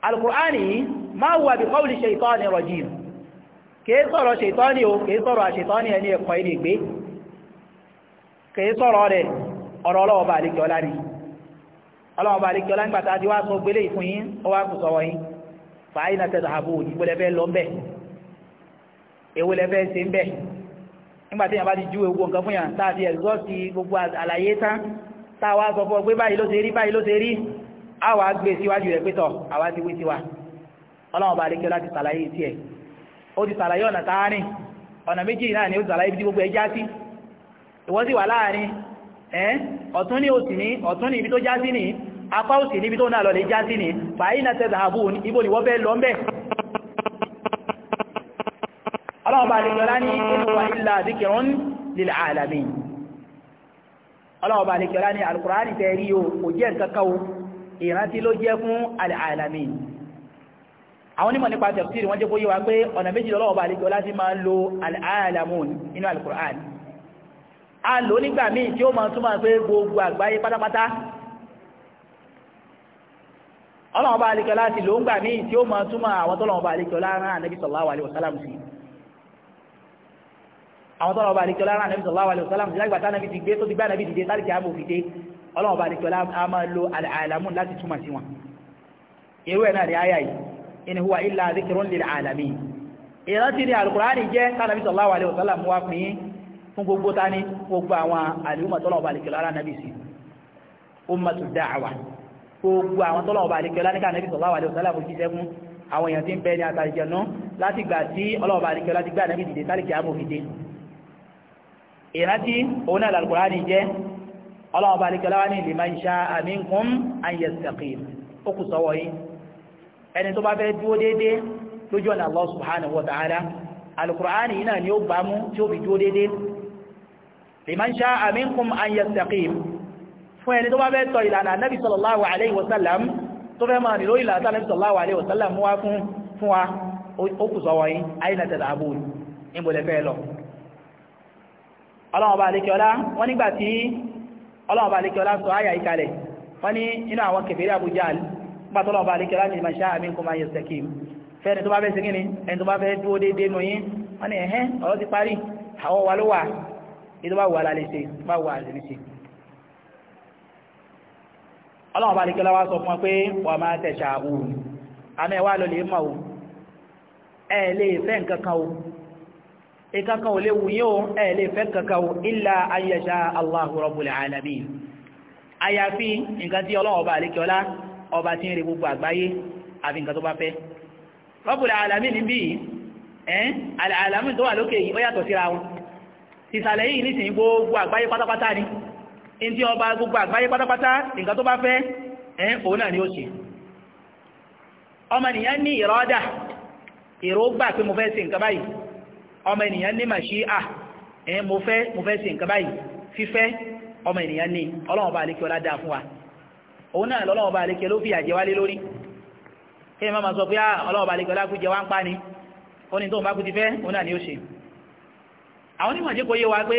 [SPEAKER 1] alkùránì máa wà bí kọ́wùlì ṣeìtọ́ni rọ̀jìm kìí sọ̀rọ̀ ṣeìtọ́ni o kìí sọ̀rọ̀ àṣeìtọ́ni ẹni ẹ̀kọ́ ilé gbé kìí sọ̀rọ̀ rẹ̀ ọ̀rọ̀ ọlọ́ọ̀bà àríkẹ́ọlá rí ọlọ́ọ̀bà àríkẹ́ọlá ń gbàtà díwá sọ gbélé ìfún yín ó wá kù sọ́wọ́ yín fàáyí na tẹ́lẹ̀ àbò ìgbélẹ́fẹ́ lọ bẹ́ẹ̀ ewélẹ́fẹ́ ṣe ń bẹ́ẹ̀ nígbà tí yàn báyìí ló ṣe rí báyìí ló ṣe rí a wà gbé síwájú rẹ̀ pé tọ̀ àwa ti wí tiwa ọlọ́run bá lékẹ́ láti sàlàyé tiẹ̀ ó ti sàlàyé ọ̀nà táárín ọ̀nà méjì náà ni ó ti sàlàyé ibi gbogbo ẹ já sí ìwọ́n sì wà láàrin ẹ́ ọ̀tún ní òsì ní ọ̀tún ní ibi tó já sí ní apá òsì níbi tó náà lọ já sí ní fàáyí náà tẹ́sà àbú ibo ni wọ́n bẹ́ lọ mẹ́
[SPEAKER 2] ọlọ́run bá lékẹ́ lá ní ìlúwà ìlà
[SPEAKER 1] dhikrun lil alamin ọlọ́run bá lékẹ́ lá ní al ìrántí ló jẹ́ fún alàmì àwọn onímọ̀ nípa tafsir wọ́n jẹ́ kó yé wa pé ọ̀nà méjì lọ́wọ́ bá àlejò láti máa lo alàmùn nínú alukur'an a lò nígbà míì tí ó máa túmọ̀ pé gbogbo àgbáyé pátápátá ọlọ́wọ́ bá àlejò láti lò ńgbà míì tí ó máa túmọ̀ àwọn tọ́lọ́wọ́ bá àlejò láàrín ànábì sallallahu alaihi wasallam sí àwọn tọ́lọ́wọ́ bá àlejò láàrín ànábì sallallahu alaihi wasallam sí lágbàtà ànábì ti gbé tó ti gbá ànábì ti dé tálíkì àmò ọlọ́run bá nìkọ́lá a máa lo alàlámù láti túmọ̀ sí wọn irú ẹ̀ náà rí ayá yìí in huwa illa dhikrun lil alamin ìrántí ni alkùránì jẹ́ tánàbí sallallahu alaihi wasallam wá fún yín fún gbogbo ta ní gbogbo àwọn àlúmọ̀ tọ́lọ̀ọ̀bà alìkẹ̀lára nàbí sí ummatu da'wa gbogbo àwọn tọ́lọ̀ọ̀bà alìkẹ̀lára ní kànàbí sallallahu alaihi wasallam fún jíṣẹ́ fún àwọn èèyàn tí ń bẹ ọlọ́wọ́ bá nìkẹ́ láwá ní liman sha'a minkum an yastaqim ó kù sọ́wọ́ yìí ẹni tó bá fẹ́ dúó déédé lójú ọ̀nà Allah subhanahu wa ta'ala alukur'ani yìí náà ni ó bá mú tí ó fi dúó déédé liman sha'a minkum an yastaqim fún ẹni tó bá fẹ́ tọ̀ ìlànà nabi sallallahu alayhi wa sallam tó fẹ́ máa nílò ìlànà nabi sallallahu alayhi wa sallam fún wa ó kù fẹ́ lọ ọlọ́wọ́ bá nìkẹ́ ọlá ọlọ́ọ̀bá alékẹ́ ọlá sọ ayà ìkalẹ̀ wọ́n ní inú àwọn kèfèrè Abu Jahl pàtọ́lọ́ọ̀bá alékẹ́ ọlá ní man sha'a minkum an yastaqim fẹ́ni tó bá fẹ́ sí gíní ẹni tó bá fẹ́ dúó déédéé wa pé wà máa tẹ̀ṣà òun àmì ẹ̀wà lọ lè mọ̀ ẹ̀ lè fẹ́ ìkankan ò lè wùyí o ẹ̀ lè fẹ́ kankan o illa an yasha Allahu rabbul alamin àyàfi nǹkan tí ọlọ́wọ́ ọba àlékiọlá ọba tí ń re gbogbo àgbáyé àfi nǹkan tó bá fẹ́ rabbul alamin níbí ẹ̀ alamin tó wà lókè yìí ó yàtọ̀ síra wọn ìsàlẹ̀ yìí nísìnyí gbogbo àgbáyé pátápátá ni ntí ọba gbogbo àgbáyé pátápátá nǹkan tó bá fẹ́ ọmọ ènìyàn ní màṣíà ẹ̀ mo fẹ́ mo fẹ́ ṣe nǹkan báyìí fífẹ́ ọmọ ènìyàn ní ọlọ́run bá àlékè ọlá dáa fún wa òun náà lọ́lọ́run bá àlékè ló fi àjẹ wálé lórí kí ẹ máa sọ pé ọlọ́run bá àlékè ọlá kú jẹ wá ń pa ni ó ní tóun bá kú ti fẹ́ òun náà ni ó ṣe àwọn onímọ̀ jẹ́ kó yé wa pé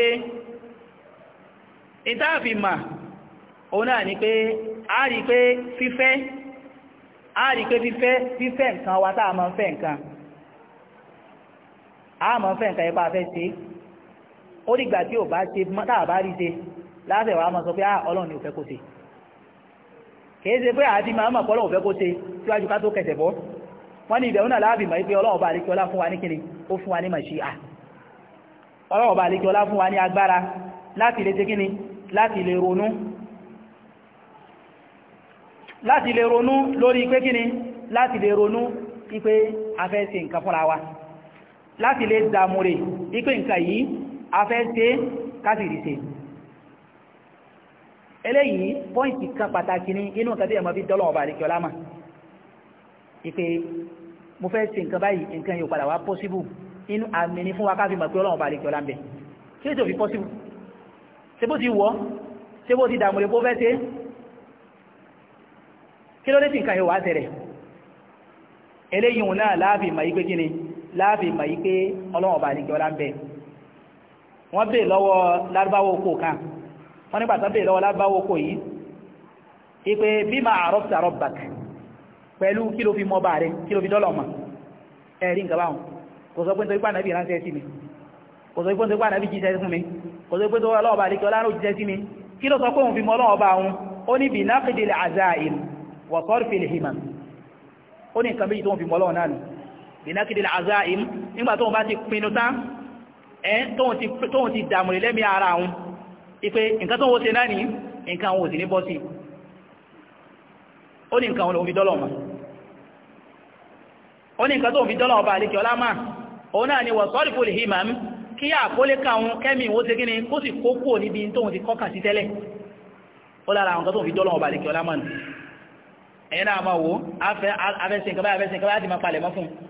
[SPEAKER 1] ìtààfin mà òun náà ni pé a rí pé fífẹ́ a rí pé fífẹ́ fífẹ́ nǹkan wa tá máa ń fẹ́ nǹkan a mọ̀ fẹ́ nǹkan ẹ̀pá fẹ́ ṣe ó dìgbà tí ò bá ṣe táà bá rí ṣe láti ẹ̀wà máa sọ pé ah, ọlọ́run ni ò fẹ́ kó ṣe kìí ṣe pé àti máa mọ̀ pọ́lọ́run ò fẹ́ kó ṣe síwájú ká tó kẹsẹ̀ bọ́ wọ́n ní ìbẹ̀rún náà láàbì mọ̀ pé ọlọ́run bá àlékí ọlá fún wa ní kíni ó fún wa ní màṣí à ọlọ́run bá àlékí ọlá fún wa ní agbára láti lè ṣe kíni láti lè ronú láti lè ronú lórí pé kíni láti lè ronú pípé a fẹ́ ṣe nǹkan fúnra wa láti lè dàmúrè ipé nǹkan yìí afẹ́ ṣe kásìrì ṣe eléyìí pọ́ìntì kan pàtàkì ní inú nǹkan tí ẹ̀mọ́ fi dọ́lọ̀ ọba àríkẹ́ ọlámà ipé mo fẹ́ ṣe nǹkan báyìí nǹkan yóò padà wá pọ́síbù inú àmì ní fún wa káfí mọ̀ pé ọlọ́run ọba àríkẹ́ ọlá ń bẹ̀ kí ló tó fi pọ́síbù ṣe bó ti wọ́ ṣe bó ti dàmúrè bó fẹ́ ṣe kí ló dé tí nǹkan yóò wá ṣẹlẹ̀ eléyìí òun náà láàbì mọ̀ ipé kí ni láàfin mọ̀ yí pé ọlọ́run ọba àlejò ọlá ń bẹ wọ́n bèè lọ́wọ́ lárúbáwò oko kan wọ́n nígbà tán bèè lọ́wọ́ lárúbáwò oko yìí ipe bima arafta rabbak pẹ̀lú kí ló fi mọ́ bá rẹ̀ kí ló fi dọ́lọ̀ mọ̀ ẹ̀rí nǹkan báwọn kò sọ pé nítorí pé ànábì ránṣẹ́ sí mi kò sọ pé nítorí pé ànábì fún mi kò sọ pé tó ọlọ́run ọba àlejò ọlá jíṣẹ́ sí mi kí ló sọ pé òun fi mọ́ ọlọ́run òun ó ní bí naqdil azaim wa sarfil ó ní nǹkan méjì tó ń fi mọ́ ọlọ́run náà nù bìnákìdìlà azáìm nígbà tóun bá ti pinnu tán ẹ́ tóun ti dàmùrì lẹ́mí ara àwọn ipé nǹkan tó wó se náà ní nǹkan òsì ní bọ́sí ó ní nǹkan òun fi dọ́lọ̀ ọmọ ó ní nǹkan tó fi dọ́lọ̀ ọba àlékẹ́ ọlá máa òun náà ni wọ̀sọ́rì fò lè hì màá kí àkólé káwọn kẹ́mì wó se kíni kó sì kókó níbi tóun ti kọ́kà sí tẹ́lẹ̀ ó lára àwọn nǹkan tó fi dọ́lọ̀ ọba àlékẹ́ ọlá máa ẹ̀yẹ́ náà máa wò á fẹ́ ṣe nǹkan báyìí fẹ́ ṣe nǹkan báyìí ti máa palẹ̀ mọ́ fún un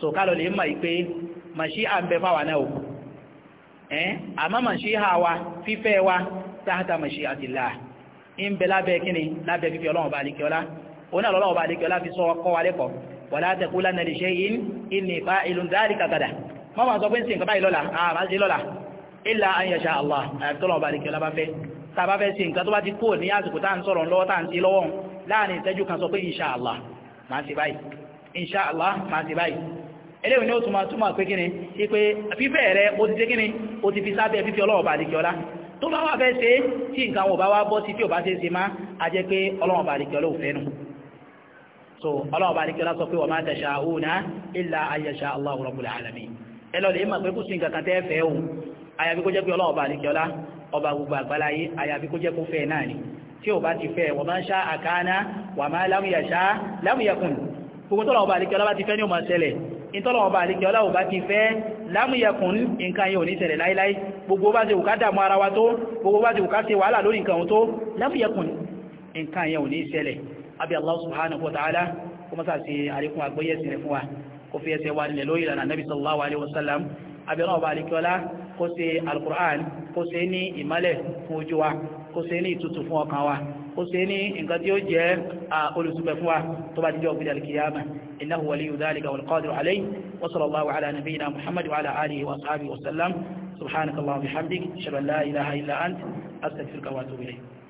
[SPEAKER 1] so kálọ̀ lè mọ̀ pé màṣíhà ń bẹ fáwa náà o ẹ́n àmọ́ màṣíhà wa fífẹ́ wa táhátà màṣíhà ti là ń bẹ lábẹ́ kíni lábẹ́ fífi ọlọ́run bá alékiọlá oní ọlọ́run bá alékiọlá fi sọ kọ́ wa lẹ́kọ̀ọ́ wà látẹ̀kú lánà lè ṣe in inni fa'ilun dhalika gàdà mọ́ máa sọ pé ń sìn kaba ìlọ́la àmà sí lọ́la illa an yasha Allah àyàtọ́lọ́run bá alékiọlá bá fẹ́ tàbá fẹ́ sí nǹkan tó bá ti kúrò ní àsìkò tá à ń sọ̀rọ̀ lọ́wọ́ tá à ń sí lọ́wọ́ láàrin kan sọ pé insha Allah máa ṣe báyìí insha Allah máa ṣe báyìí eléwìn ní ó túnmà túnmà pé kíni sí pé fífẹ́ rẹ̀ ó ti ṣe kíni ó ti fi sábẹ́ fífẹ́ ọlọ́ọ̀bà àdìkíọlá tó bá wà fẹ́ ṣe tí nǹkan wọ̀ bá wá bọ́ sí tí ò bá ṣe ṣe má a jẹ́ pé ọlọ́ọ̀bà àdìkíọlá ò so ọlọ́ọ̀bà àdìkíọlá sọ pé wa ma tasha'una illa an yasha Allahu rabbul alamin ẹ lọ lè mọ̀ pé kò sí nǹkan kan tẹ́ fẹ́ o àyàfi kó jẹ́ pé ọlọ́ọ̀bà àdìkíọlá ọba gbogbo àgbáláyé àyàfi kó jẹ́ kó fẹ́ náà ni tí ọba àdìkíọlá bá ti fẹ́ ní ó ṣẹlẹ̀ ìtọ́lọ̀wọ̀n bá àríkẹ́ ọlá òbá ti fẹ́ lámúyẹkùn nǹkan yóò ní ṣẹlẹ̀ láíláí gbogbo bá ṣe òkádà mọ́ ara wa tó gbogbo bá ṣe òká ṣe wàhálà lórí nǹkan tó lámúyẹkùn nǹkan yóò ní ṣẹlẹ̀ Allah subhanahu wa ta'ala kó mọ́sá sí àríkún àgbóyẹ̀sìn rẹ̀ fún wa kó fi ẹsẹ̀ wa nílẹ̀ lórí ìlànà nabi sallallahu alaihi wasallam àbí Allah ọba àríkẹ́ ọlá kó ṣe al kó ṣe ní nǹkan tí ó jẹ́ olùsùpẹ̀ fún wa tó bá jíjọ́ òbí alkiyama innahu waliyu dhalika wal qadiru alayhi wa sallallahu ala nabiyyina muhammad wa ala alihi wa ashabihi wa sallam subhanakallahumma bihamdik wa atubu